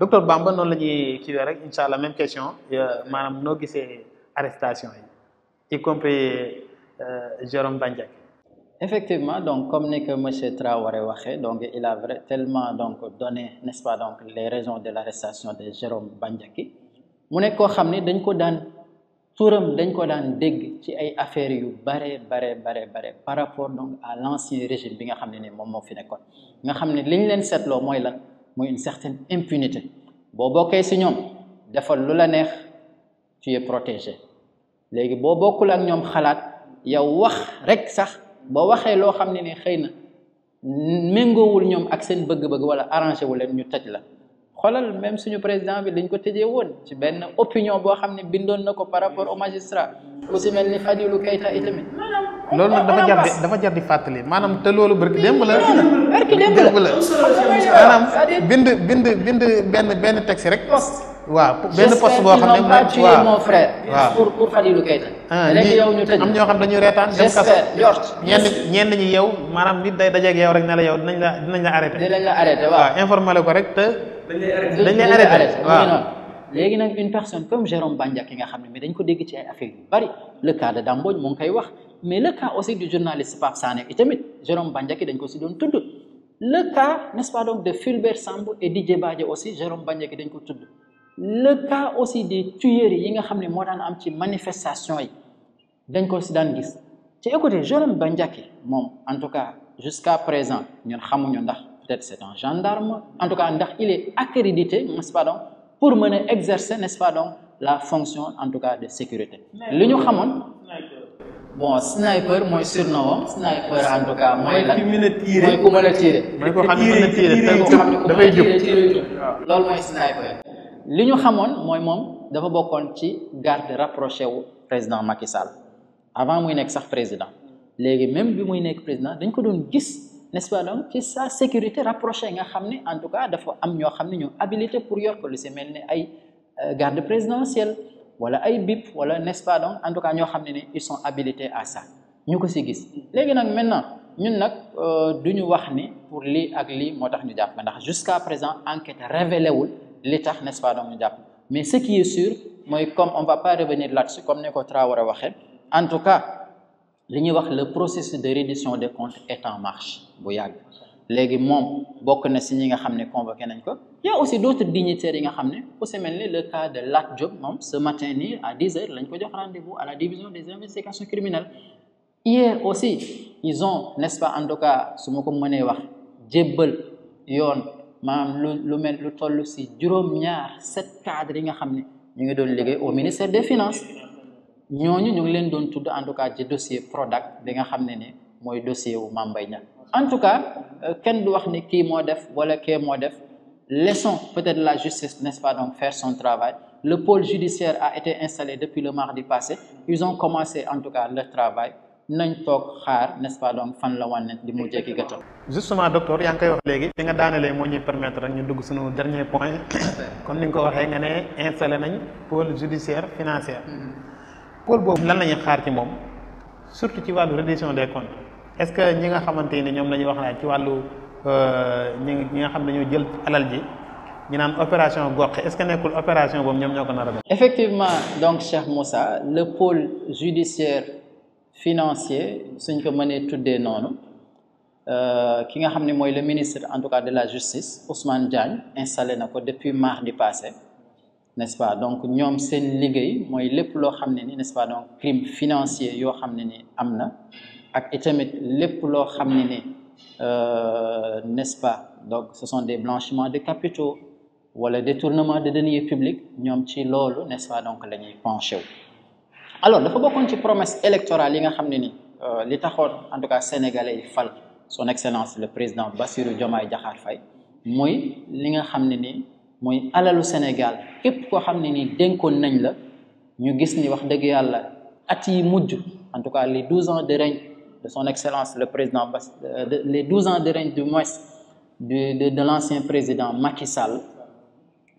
docteur Bamba noonu la ñuy kiiwee rek incha allah même question euh, maanaam noo gisee arrestation yi y compris euh, Jérôme Bandiaky effectivement donc comme ni que monsieur Traoré waxee donc il a vrai donc donné n'est-ce pas donc les raisons de l'arrestation de Jérôme Bandiaky mu nekk koo xam ne dañ ko daan turam dañ ko daan dégg ci ay affaires yu bare bare bare bare par rapport donc à l'ancien régime bi nga xam ne ni moom moo fi nekkoon nga xam ne li leen seetloo mooy lan muy une certaine impunité boo bokkee si ñoom defal lu la neex tu es léegi boo bokkul ak ñoom xalaat yow wax rek sax boo waxee loo xam ne ne xëy na méngoowul ñoom ak seen bëgg-bëgg wala arrangé wu leen ñu taj la xoolal même suñu président bi dañ ko tëjee woon ci benn opinion boo xam ne bindoon na ko par rapport au magistrat ku si mel ni Fadilou Keita itamit loolu nag dafa jar di dafa jar di maanaam te loolu bërki dem la bërki démb la maanaam bind bind benn benn texte rek waaw benn poste boo xam ne moom tué mon frère. waaw pour pour Fadilou Keita. Ah, léegi ñu am ñoo xam dañuy reetaan. dem kaso ñi yow maanaam nit day dajeeg yow rek ne la yow dinañ la dinañ la arrêté. dinañ la arrêté ko rek te. dañ lay arrêté waaw léegi nag une personne comme Jérôme Bandiak ki nga xam ne mais dañ ko dégg ci ay affaire yu bari le cas de Dambodj mu ngi koy wax mais le cas aussi du journaliste Pape Sané itamit Jérôme Bandiak ki dañ ko si doon tudd le cas n'est-ce pas donc de Fulbert Sambou et Didier Badji aussi dañ ko tudd le cas aussi des tueries yi nga xam ne moo daan am ci manifestation yi dañ ko si daan gis te écoutez Jérôme Bandiaky moom en tout cas jusqu'à présent ñun xamuñu ndax peut-être c'est un gendarme en tout cas ndax il est accrédité nest pas donc pour mën a exercer nest pas donc la fonction en tout cas de sécurité li ñu xamoon bon sniper mooy surnom sniper en tout cas mooy lan mooy ku mën tiire mooy ku xam ne mën a tiire loolu mooy sniper li ñu xamoon mooy moom dafa bokkoon ci garde rapproché wu président Macky Sall avant muy nekk sax président léegi même bi muy nekk président dañ ko doon gis n'est-ce ci sa sécurité rapproché nga xam ne en tout cas dafa am ñoo xam ne ñu habilité pour yor ko lu si mel ne ay euh, garde présidentielle wala ay BIP wala n'est-ce en tout cas ñoo xam ne ne ils sont habilités à ça ñu ko si gis léegi nag maintenant ñun nag euh, du ñu wax ni pour lii ak lii moo tax ñu jàpp ndax jusqu'à présent enquête révélé wul li tax n'est-ce pas donc ñu mais ce qui est sûr mooy comme on va pas revenir là-dessus comme ni ko Traoré waxee en tout cas li ñuy wax le processus de reddition des comptes est en marche bu yàgg léegi moom bokk na si ñi nga xam ne convoqué nañ ko y a aussi d'autres dignitaires yi nga xam ne ku si mel ni le cas de Lat Diop moom ce matin nii à 10 heures lañ ko jox rendez-vous à la division des investigations criminelles hier aussi ils ont nest en tout cas su ma ko mënee wax yoon maanaam lu lu mel lu toll si juróom-ñaar sept cadres yi nga xam ne ñu ngi doon liggéey au ministère des finances ñooñu ñu ngi leen doon tudd en tout cas ci dossier Prodac bi nga xam ne mooy dossier wu Mame Mbaye na en tout cas euh, kenn du wax ni kii moo def wala kee moo def laissons peut-être la justice n'est-ce pas donc faire son travail le pôle judiciaire a été installé depuis le mardi passé ils ont commencé en tout cas leur travail nañ toog xaar n'est-ce pas *coughs* ni nga ko waxee nga ne installé nañ pôle judiciaire financier mm-hmm. pôle boobu lan la ñuy xaar ci moom surtout ci wàllu reddition des comptes est-ce que ñi nga xamante ni ñoom la ñuy wax naa ci wàllu euh, ñi ñi nga xam dañoo jël alal ji ñu naan opération gox est-ce que nekkul opération boobu ñoom ñoo ko nar a effectivement donc Cheikh Moussa le pôle judiciaire financier suñ ko mënee tuddee noonu euh, ki nga xam ne mooy le ministre en tout cas de la justice Ousmane Diagne installé na ko depuis mardi passe n'est-ce pas donc ñoom seen liggéey mooy lépp loo xam ne ni n'est-ce yoo xam ne ni am na ak itamit lépp loo xam ni euh, n'est-ce pas donc ce sont des blanchiments de capitaux wala détournement de deniers publique ñoom ci loolu n'est-ce pas donc la ñuy penché alors dafa bokkoon ci promesse électorale yi nga xam ne ni euh, li taxoon en tout cas sénégalais yi fal son excellence le président Bassirou Diomaye Diakhar fay mooy li nga xam ne ni mooy alalu Sénégal képp koo xam ne ni dénkoon nañ la ñu gis ni wax dëgg yàlla at yi mujj en tout cas les douze ans de règne de son excellence le président Bass euh, les douze ans de règne du moins de de l'ancien président Macky Sall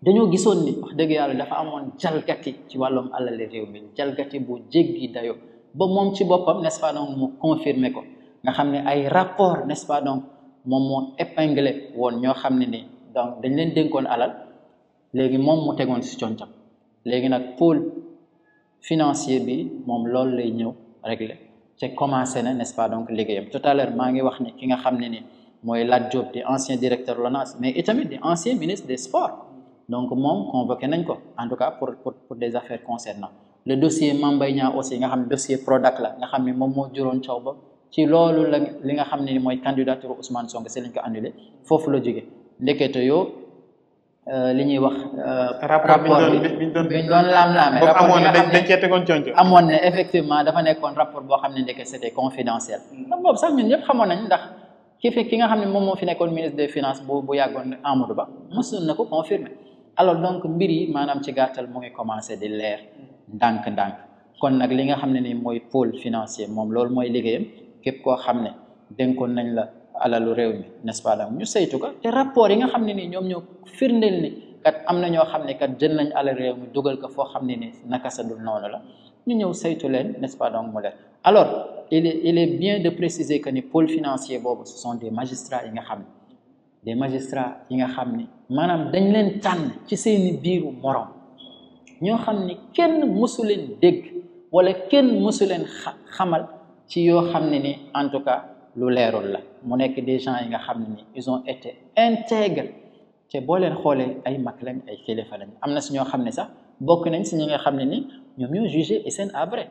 dañoo gisoon ni wax dëgg yàlla dafa amoon jalgati ci wàllum alali réew mi jalgati bu jéggi dayo ba moom ci boppam nest pas donc mu confirmer ko nga xam ne ay rapport n'est-ce pas donc moom moo épinglé woon ñoo xam ne ni donc dañ leen dénkoon alal léegi moom mu tegoon si concam léegi nag pôle financier bi moom loolu lay ñëw régler te commencé na n'est-ce pas donc liggéeyam tout à l'heure maa ngi wax ni ki nga xam ne ni mooy Lat Diop di ancien directeur LONASE mais itamit di ancien ministre des sports donc moom convoqué nañ ko en tout cas pour des affaires concernant le dossier Mame Mbaye Niang aussi nga xam ne dossier Prodac la nga xam ne moo juróon coow ba ci loolu la ni mooy candidature Ousmane Sonko si lañ ko annulé foofu la jóge ndekete yoo euh, li ñuy wax. Euh, rapport bi bi ñu doon bi ñu doon laam-laame. rapport bi nga xam ne dañ cee tegoon conco. amoon na effectivement dafa nekkoon rapport boo xam ne ndekete c'était confidentiel. ndax boobu sax ñun ñëpp xamoon nañ ndax. ki nga xam ne moom moo fi nekkoon ministre des finances bu bu yàggoon Amadou Ba mosoon alors donc mbir yi maanaam ci gàttal mu ngi commencé di leer ndànk-ndànk kon nag li nga xam ne ni mooy pôle financier moom loolu mooy liggéeyam képp koo xam ne dénkoon nañ la alalu réew mi n'est-ce pas donc ñu saytu ko te rapport yi nga xam ne nii ñoom ñoo firndeel ni kat am na ñoo xam ne kat jël nañ alal réew mi dugal ko foo xam ne ni naka sa dul noonu la ñu ñëw saytu leen n'est-ce pas donc mu leer alors il est il est bien de préciser que ni pole financier boobu ce sont des magistrats yi nga xam des magistrat yi nga xam ni maanaam dañ leen tànn ci seeni biiru morom ñoo xam ni kenn mësu leen dégg wala kenn mësu leen xamal ci yoo xam ne ni en tout cas lu leerul la mu nekk des gens yi nga xam ne ni ils ont été intègres te boo leen xoolee ay mag lañ ay kilifa lañ am na si ñoo xam ne sax bokk nañ si ñi nga xam ne ni ñoom ñoo jugé Hissène Habré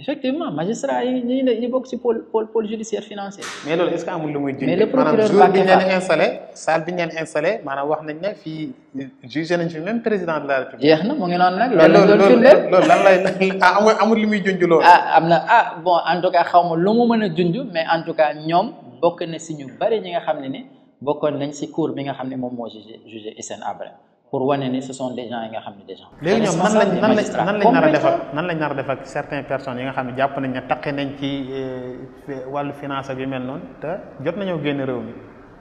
effectivement magistrat yi ñi ne ñi bokk ci pôle pôle judiciaire financier. mais loolu est-ce que amul lu muy. mais le procureur wax nañ ne fii jugé nañ fi même président de la république. jeex na mu ngi noonu nag. loolu lañ doon firndeel loolu lan lay *laughs* ah amul lu muy junj loolu. ah am na ah bon en tout cas xaw ma lu mu mën a junj mais en tout cas ñoom bokk na si ñu bari ñi nga xam ne ni bokkoon nañ si cour bi nga xam ne moom moo jugé jugé Hissène Habré pour wane ni ce sont des gens nga xam ne des gens. léegi ñoom nan lañ nan lañ nan a def ak personnes yi nga xam ne jàpp nañ ne taqe nañ ci euh, wàllu finance bi yu mel noonu te jot nañoo génn réew mi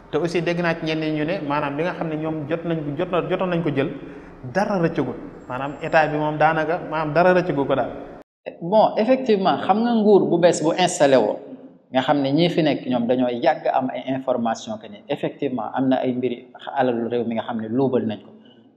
te aussi dégg naa ci ñenn ñu ne maanaam li nga xam ne ñoom jot nañ ko jot jotoon nañ ko jël dara rëccagul maanaam état bi moom daanaka maanaam dara rëccagul ko daal. bon effectivement xam nga nguur bu bees bu installé woo nga xam ne ñii fi nekk ñoom dañoo yàgg am ay information que ni effectivement am na ay mbiri alalu réew mi nga xam ne luubal nañ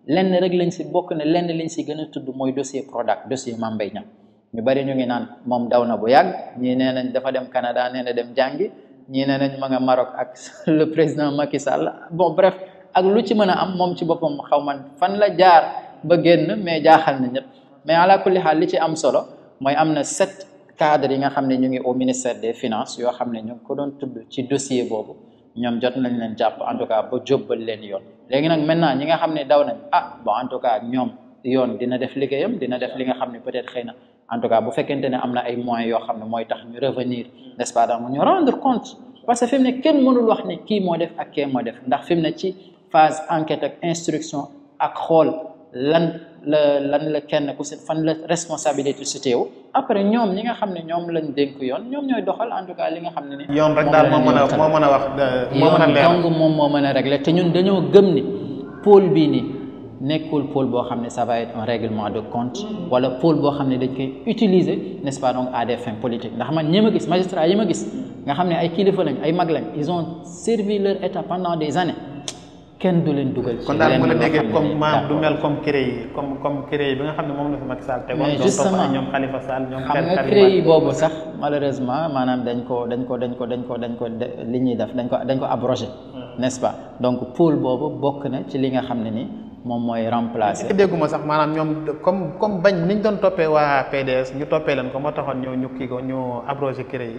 lenn rek lañ si bokk ne lenn lañ si gën a tudd mooy dossier Prodac dossier Mame Mbaye Niang ñu bari ñu ngi naan moom daw na bu yàgg ñii nee nañ dafa dem Canada nee na dem jàngi ñii nee nañ ma nga Maroc ak *laughs* le président Macky Sall bon bref ak lu ci mën a am moom ci boppam xaw man fan la jaar ba génn mais jaaxal na ñëpp mais ala kulli xaal li ci am solo mooy am na sept cadres yi nga xam ne ñu ngi au ministère des finances yoo xam ne ñu ngi ko doon tudd ci dossier boobu ñoom jot nañ leen jàpp en tout cas ba jóbbal leen yoon léegi nag maintenant ñi nga xam ne daw nañ a ah, bon en tout cas ñoom yoon dina def liggéeyam dina def li nga xam ne peut-être xëy na en tout cas bu fekkente ne am na ay moyens yoo xam ne mooy tax ñu revenir n'est-ce pas donc ñu rendre compte parce que fi ne kenn mënul wax ne kii moo def ak kee moo def ndax fi mu ne ci phase enquête ak instruction ak xool lan la lan la kenn ku si fan la responsabilité si teew après ñoom ñi nga xam ne ñoom lañ dénk yoon ñoom ñooy doxal en li nga xam ne ni yoon rek daal moo mën a a wax moo moo mën a régler te ñun dañoo gëm ni pôle bii nii nekkul pôle boo xam ne ça va être un règlement de compte wala pôle boo xam ne dañ koy utiliser nest pas donc à des fins politiques ndax man ñi ma gis magistrat yi ma gis nga xam ne ay kilifa lañ ay mag lañ ils ont servi leur état pendant des années kenn du leen dugal. kon daal mën a déggee comme maam du mel comme CREI yi comme comme CREI yi bi nga xam ne moom la fi Macky Sall tegoon. mais justement ñoom Khalifa Sall ñoom. xam nga CREI yi boobu sax malheureusement maanaam dañ ko dañ ko dañ bokk na ci li nga xam ne ni moom mooy remplacer. maanaam comme comme bañ niñ doon toppee waa PDS ñu toppee leen ko moo taxoon ñu ñu ko ñu abrogé CREI yi.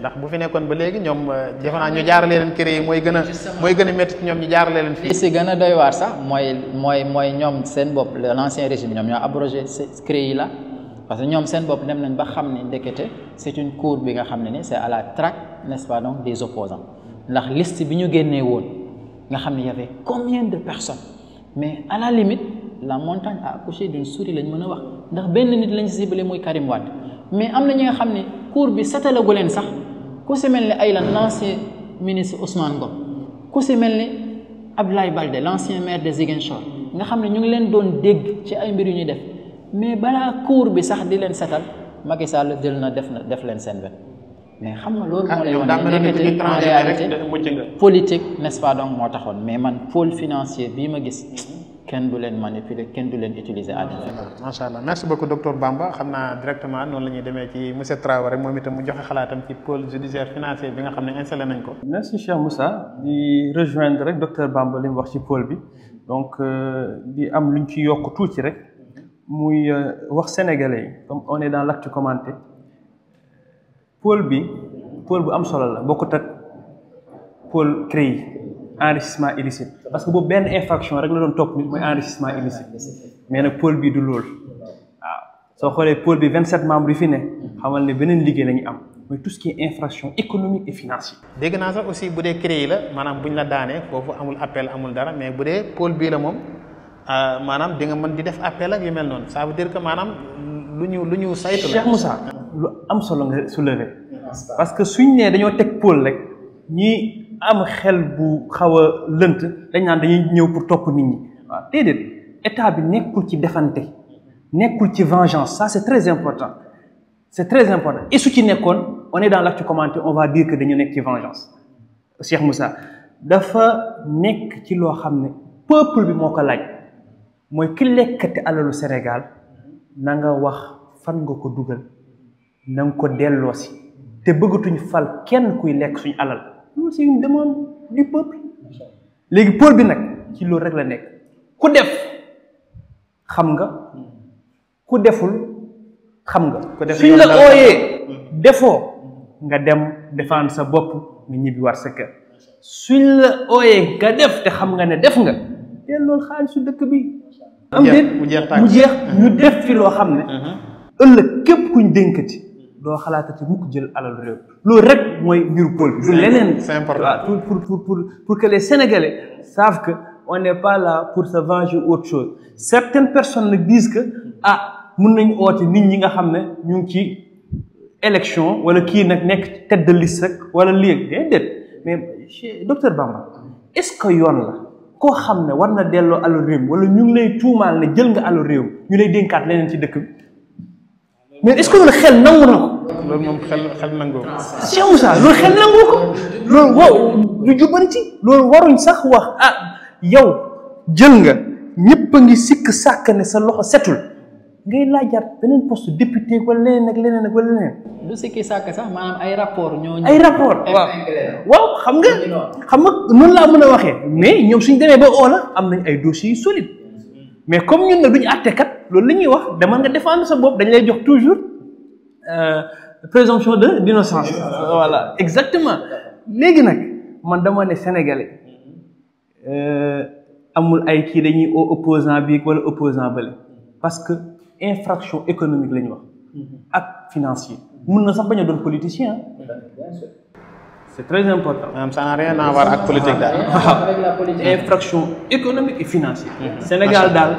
ndax bu fi nekkoon ba léegi ñoom euh, defe naa ñu jaarale leen kër yi mooy gën a mooy gën a métti ñoom ñu jaarale leen fii si gën a doy waar sax mooy mooy mooy ñoom seen bopp l'ancien régime ñoom ñoo abrogé kër yi la parce que ñoom seen bopp dem nañ ba xam ne ndekete c'est une cour bi nga xam ne ni c'est à la traque n'est-ce pas donc des opposants ndax liste bi ñu génnee woon nga xam ne y avait combien de personnes mais à la limite la montagne a accouché d'une souris lañ mën a wax ndax benn nit lañ ciblé muy Karim Wade mais am na ñi nga xam ne cour bi setalagu leen sax ku si mel ni ay lan l'ancien ministre Ousmane Ngom ku si mel ni Abdoulaye Baldé l'ancien maire de Ziguinchor nga xam ne ñu ngi leen doon dégg ci ay mbir yu ñuy def mais balaa cour bi sax di leen setal Macky Sall jël na def na def leen seen wet mais xam nga loolu moo ah, lay wax ne nekkati en réalité politique nest donc moo taxoon mais man pôle financier bii ma gis kenn du leen manipuler kenn du leen utiliser à macha allah merci beaucoup docteur Bamba xam naa directement noonu la ñuy demee ci monsieur Traoré moom itam mu joxe xalaatam ci pôle judiciaire financier bi nga xam ne installé nañ ko. merci Cheikh Moussa di rejoindre rek docteur Bamba li mu wax ci pôle bi donc euh, di am luñ ci yokk tuuti rek muy euh, wax sénégalais yi comme on est dans l'actu commenté pôle bi pôle bu am solo la bokkut ak pôle CREI. enrichissement illicite parce que boobu benn infraction rek la doon topp nit mooy enrichissement illicite mais nag pôle bi du loolu waaw soo xoolee pole bi 27 membres yi fi ne xamal ne beneen liggéey la ñu am mooy tout ce qui est infraction économique et financière. dégg naa sax aussi bu dee CREI la maanaam bu ñu la daanee foofu amul appel amul dara mais bu dee pôle bii la moom euh, maanaam di nga mën di def appel ak yu mel noonu ça veut dire que maanaam lu ñu lu ñu saytu la. Cheikh Moussa lu am solo nga soulever. parce que suñ am xel bu xaw a lënt dañ naan dañuy ñëw pour topp nit ñi waaw déedéet état bi nekkul ci defante nekkul ci vengeance ça c'est très important c'est très important et su ci nekkoon on est dans ci commenté on va dire que dañu nekk ci vengeance Cheikh Moussa dafa nekk ci loo xam ne peuple bi moo ko laaj mooy ki lekkati alalu Sénégal na nga wax fan nga ko dugal nanga ko delloosi te bëggatuñ fal kenn kuy lekk suñu alal non c'est une demande léegi peuple bi nag ci loolu rek la nekk ku def xam nga ku deful xam nga suñ la ooyee defoo nga dem defaan sa bopp nga ñibbi war sa kër suñ la ooyee nga def te xam nga ne def nga te loolu xaalisu dëkk bi am déet mu jeex ñu def fi loo xam ne uh-huh. ëllëg képp kuñ dénkati doo ci mukk jël alal réew loolu rek mooy mbiru pour bi. du leneen c'est pour pour pour pour que les Sénégalais savent que on n'est pas là pour se venger ou autre chose certaines nag disent que ah mun nañ oote nit ñi nga xam ne ñu ngi ci élection wala kii nag nekk tête de liste rek wala léegi déedéet mais docteur Bamba est-ce que yoon la koo xam ne war na delloo alal réew wala ñu ngi lay tuumaal ne jël nga alal réew ñu lay dénkaat leneen ci dëkk bi mais est loolu moom xel xel nangoo ko. Cheikh Moussa loolu xel nangoo ko loolu wow du jubbanti loolu waruñ sax wax a ah, yow jël nga ñëpp a ngi sikk sàkk ne sa loxo setul ngay laajaat beneen poste député wala leneen ak leneen ak wala leneen. du sikki sax maanaam ay rapport ñoo ay rapport waaw waaw xam nga xam nga noonu laa mën a waxee mais ñoom suñ demee ba oola am nañ ay dossiers yu solide mais comme ñun na duñu àttekat loolu la ñuy wax dama nga défendre sa bopp dañ lay jox toujours euh, présomption de d'innocence voilà exactement léegi nag man dama ne sénégalais euh, amul ay kii dañuy au opposant bi wala opposant bële parce que infraction économique la ñu wax mm-hmm. ak financier mun na sax bañ a doon politicien c'est très important maanaam ça n'a rien à voir ak politique daal waaw infraction économique et financière mm-hmm. Sénégal daal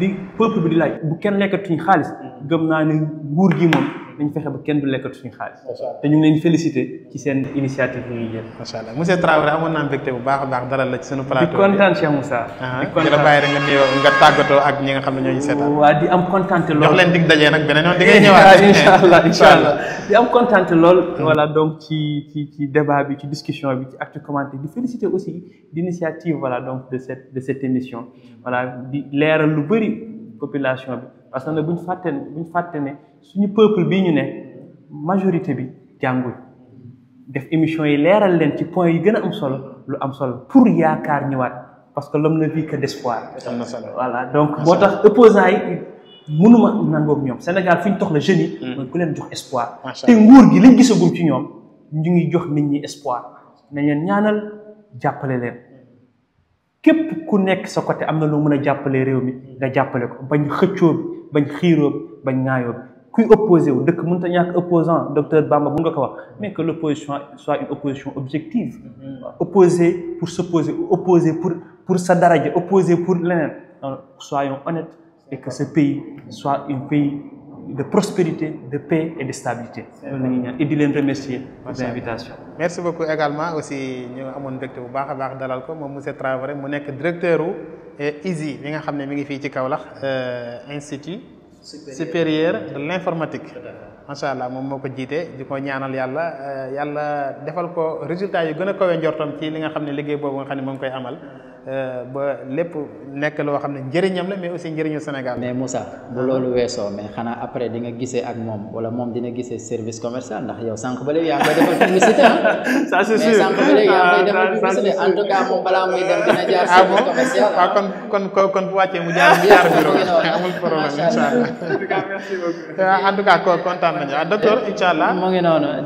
li peuple bi di laaj bu kenn lekkatuñ xaalis mm-hmm. gëm naa ni nguur gi moom dañ fexe ba kenn du lekkatu suñu xaalis te ñu ngi leen félicité ci seen initiative yi ngeen jël macha allah monsieur Traoré amoon naa mbégte bu baax a baax dalal la ci sunu plateau di di ah, kontaan la bàyyi rek di am lool donc ci ci ci débat bi ci discussion bi ci actu commenté di félicité aussi d'initiative voilà donc de cette de cette émission voilà di leeral lu bëri population bi parce que nag bu ñu fàtte bu ñu ne suñu peuple bii ñu ne majorité bi jàngul def émission yi leeral leen ci point yi gën a am solo lu am solo pour yaakaar ñëwaat parce que l'homme ne vit que d'espoir voilà donc moo tax opposants yi mënuma nangoog ñoom Sénégal fi ñu tox la jeunes yi mm. mooy ku leen jox espoir te nguur gi liñ gisagum ci ñoom ñu ngi jox nit ñi espoir na leen ñaanal jàppale leen képp ku nekk sa côté am na loo mën a jàppale réew mi nga jàppale ko bañ xëccoo bañ xiiroo bañ ŋaayoo kuy opposé wu dëkk mënut a ñàkk opposant docteur Bamba bu nga ko wax mais que l'opposition soit une opposition objective mm-hmm. opposé pour s'opposer opposé pour pour sa daraja opposé pour leneen soyons honnêtes et que ce pays soit un pays de prospérité, de paix et de stabilité. Et de les remercier pour l'invitation. Merci beaucoup également aussi ñu amoon mbégte bu baax a baax dalal ko moom monsieur Traoré mu nekk directeur u ISI eh, li nga xam ne mi ngi fii ci Kaolack euh, institut supérieur de l'informatique macha allah moom moo ko jiite di ko ñaanal yàlla eh, yàlla defal ko résultat yu gën a kawe njortam ci li nga xam ne liggéey boobu nga xam ne moom koy amal Euh, ba lépp nekk loo xam ne njëriñam la mais aussi njëriñu Sénégal. mais Moussa bu ah. loolu weesoo mais xanaa après di nga gisee ak moom wala moom dina gise service commercial ndax yow sànq ba léegi yaa moom dina jaar ah, service commercial ah kon kon bu wàccee mu jaar ah, jaar *laughs* bureau amul problème euh, kontaan nañu ah euh,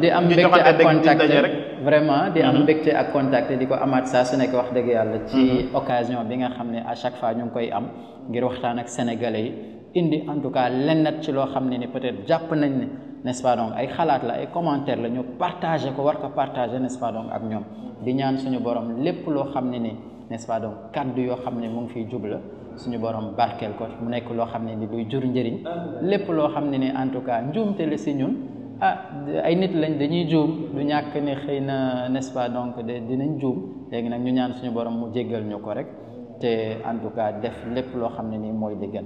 di am mbégte ak contact rek. vraiment di am mhm. mbégte ak contact di ko amaat saa su nekk wax dëgg yàlla. ci mhm. occasion bi nga xam ne à chaque fois ñu ngi koy am ngir waxtaan ak sénégalais yi indi en tout cas lennat ci loo xam ne ni peut-être jàpp nañ ne nest donc ay xalaat la ay commentaire la ñu partagé ko war ko partage n'est-ce donc ak ñoom. di ñaan suñu borom lépp loo xam ne ni n'est-ce donc kaddu yoo xam ne mu ngi jubla suñu borom barkeel ko mu nekk loo xam ne ni luy jur njëriñ lépp loo xam en tout cas njuumte la ah ay nit lañ dañuy juum du ñàkk ne xëy na n'est-ce donc de dinañ juum léegi nag ñu ñaan suñu borom mu jéggal ñu ko rek te en tout cas def lépp loo xam ne nii mooy déggan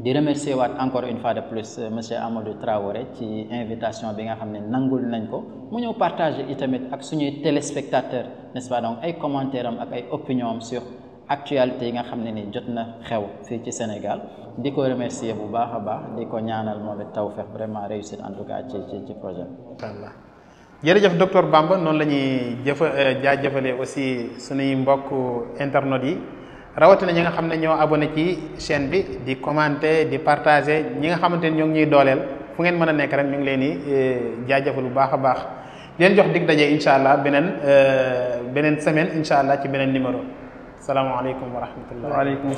di remercier waat encore une fois de plus euh, monsieur Amadou rek ci invitation bi nga xam ne nangul nañ ko mu ñëw partager itamit ak suñuy téléspectateurs n'est-ce donc ay commentaires am ak ay opinions am sur actualité yi nga xam ne ni jot na xew fii ci Sénégal di ko remercier bu baax a baax di ko ñaanal moom it tawfeex vraiment réussite en tout cas ci ci ci projet bi. jërëjëf docteur Bamba noonu la ñuy jëfa euh, jaajëfalee aussi suñuy mbokk internautes yi rawatina ñi nga xam ne ñoo abona ci chaîne bi di commenter di partager ñi nga xamante ni ñoo ngi ñuy dooleel fu ngeen mën a nekk rek ñu ngi leen di euh, jaajëfal bu baax a baax leen jox dig daje incha allah beneen euh, beneen semaine incha ci beneen numéro. salaamaaleykum wa rahmatullah waaleykum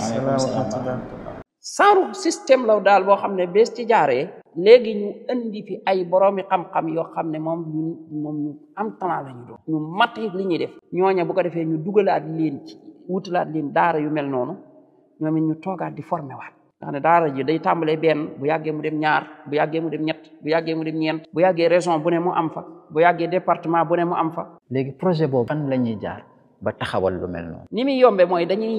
saaru système law daal boo xam ne bés ci jaaree léegi ñu indi fi ay boroomi xam-xam yoo xam ne moom ñun moom ñu am talent la ñu ñu mat li ñuy def ñooña bu ko defee ñu dugalaat liin ci wutalaat leen daara yu mel noonu ñoom it ñu toogaat di formé waat dax xam daara ji day tàmbalee benn bu yàggee mu dem ñaar bu yàggee mu dem ñett bu yàggee mu dem ñeent bu yàggee région bu ne mu am fa bu yàggee département bu ne mu am fa léegi projet boobu fan la ñuy jaar ba taxawal lu mel noonu ni muy yombe mooy dañuy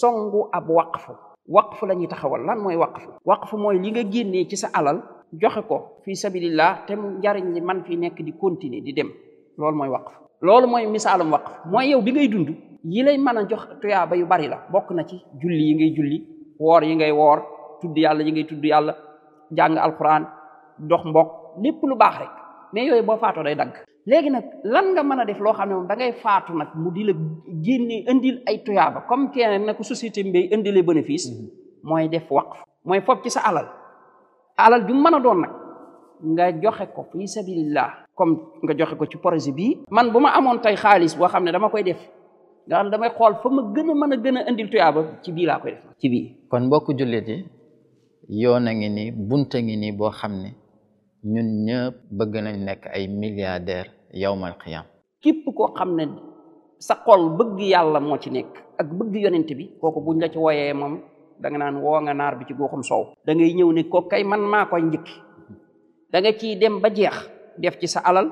songu ab waqfu waqfu la ñuy taxawal lan mooy wax waqfu fu mooy li nga génnee ci sa alal joxe ko fii sabilillah te mu njariñ man fi nekk di continuer di dem loolu mooy waqfu loolu mooy misaalum waqf mooy yow bi ngay dund yi lay mën a jox tuyaaba yu bari la bokk na ci julli yi ngay julli woor yi ngay woor tudd yàlla yi ngay tudd yàlla jàng alquran dox mbokk lépp lu baax rek mais yooyu boo faatoo day dagg léegi nag lan nga mën a def loo xam ne moom da ngay faatu nag mu di la génne indil ay tuyaaba comme kenn na ko société mbay bénéfice mm-hmm. mooy def waqf mooy fob ci sa alal alal ju mën a doon nag nga joxe ko fi comme nga joxe ko ci projet bii man bu ma amoon tey xaalis boo xam ne dama koy def nga xam damay xool fa ma gën a mën a gën a indil tuyaaba ci bii laa koy def ci biir kon mbokk jullit yi yoon a ngi nii bunta ngi nii boo xam ne ñun ñëpp bëgg nañ nekk ay milliardaire yawmal qiyam képp koo xam ne sa xol bëgg yàlla moo ci nekk ak bëgg yonent bi kooku buñ la ci wooyee moom danga naan woo nga naar bi ci goxum soow da ngay ñëw ne ko kay man maa koy njëkki da nga ciy dem ba jeex def ci sa alal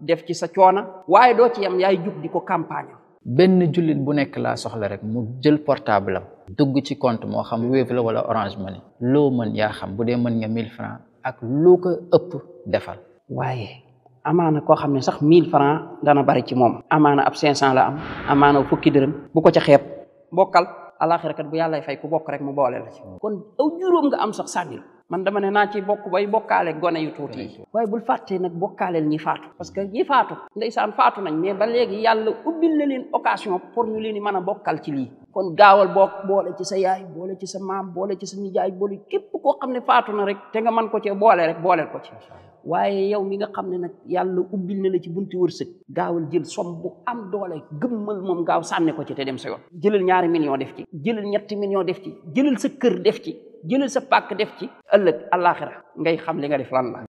def ci sa coona waaye doo ci yam yaay jug di ko campagne benn jullit bu nekk laa soxla rek mu jël portable am dugg ci compte moo xam Wave la wala Orange yi loo mën yaa xam bu dee mën nga 1000 ak lu ko ëpp defal waaye amaana koo xam ne sax mille francs dana bari ci moom amana ab cinq cent la am amaana fukki dërëm bu ko ca xeeb bokkal alaxira kat bu yàllay fay ku bokk rek mu boole kon aw juróom nga am sax sànnil man dama ne naa ci bokk bay bokkaale gone yu tuuti yi waaye bul fàttee nag bokkaaleel ñi faatu parce que ñi faatu ndeysaan faatu nañ mais ba léegi yàlla ubbil na leen occasion pour ñu leen di mën a bokkal ci lii kon gaawal bokk boole ci sa yaay boole ci sa maam boole ci sa nijaay boole képp koo xam ne faatu na rek te nga man ko cee boole rek booleel ko ci waaye yow mi nga xam ne nag yàlla ubbil na la ci bunti wërsëg gaawal jël som bu am doole gëmmal moom gaaw sànni ko ci dem sa yoon jëlal ñaari million def ci jëlal ñetti million def ci jëlal sa kër def ci jëlal sa pàkk def ci ëllëg àllaaxira ngay xam li nga def lan la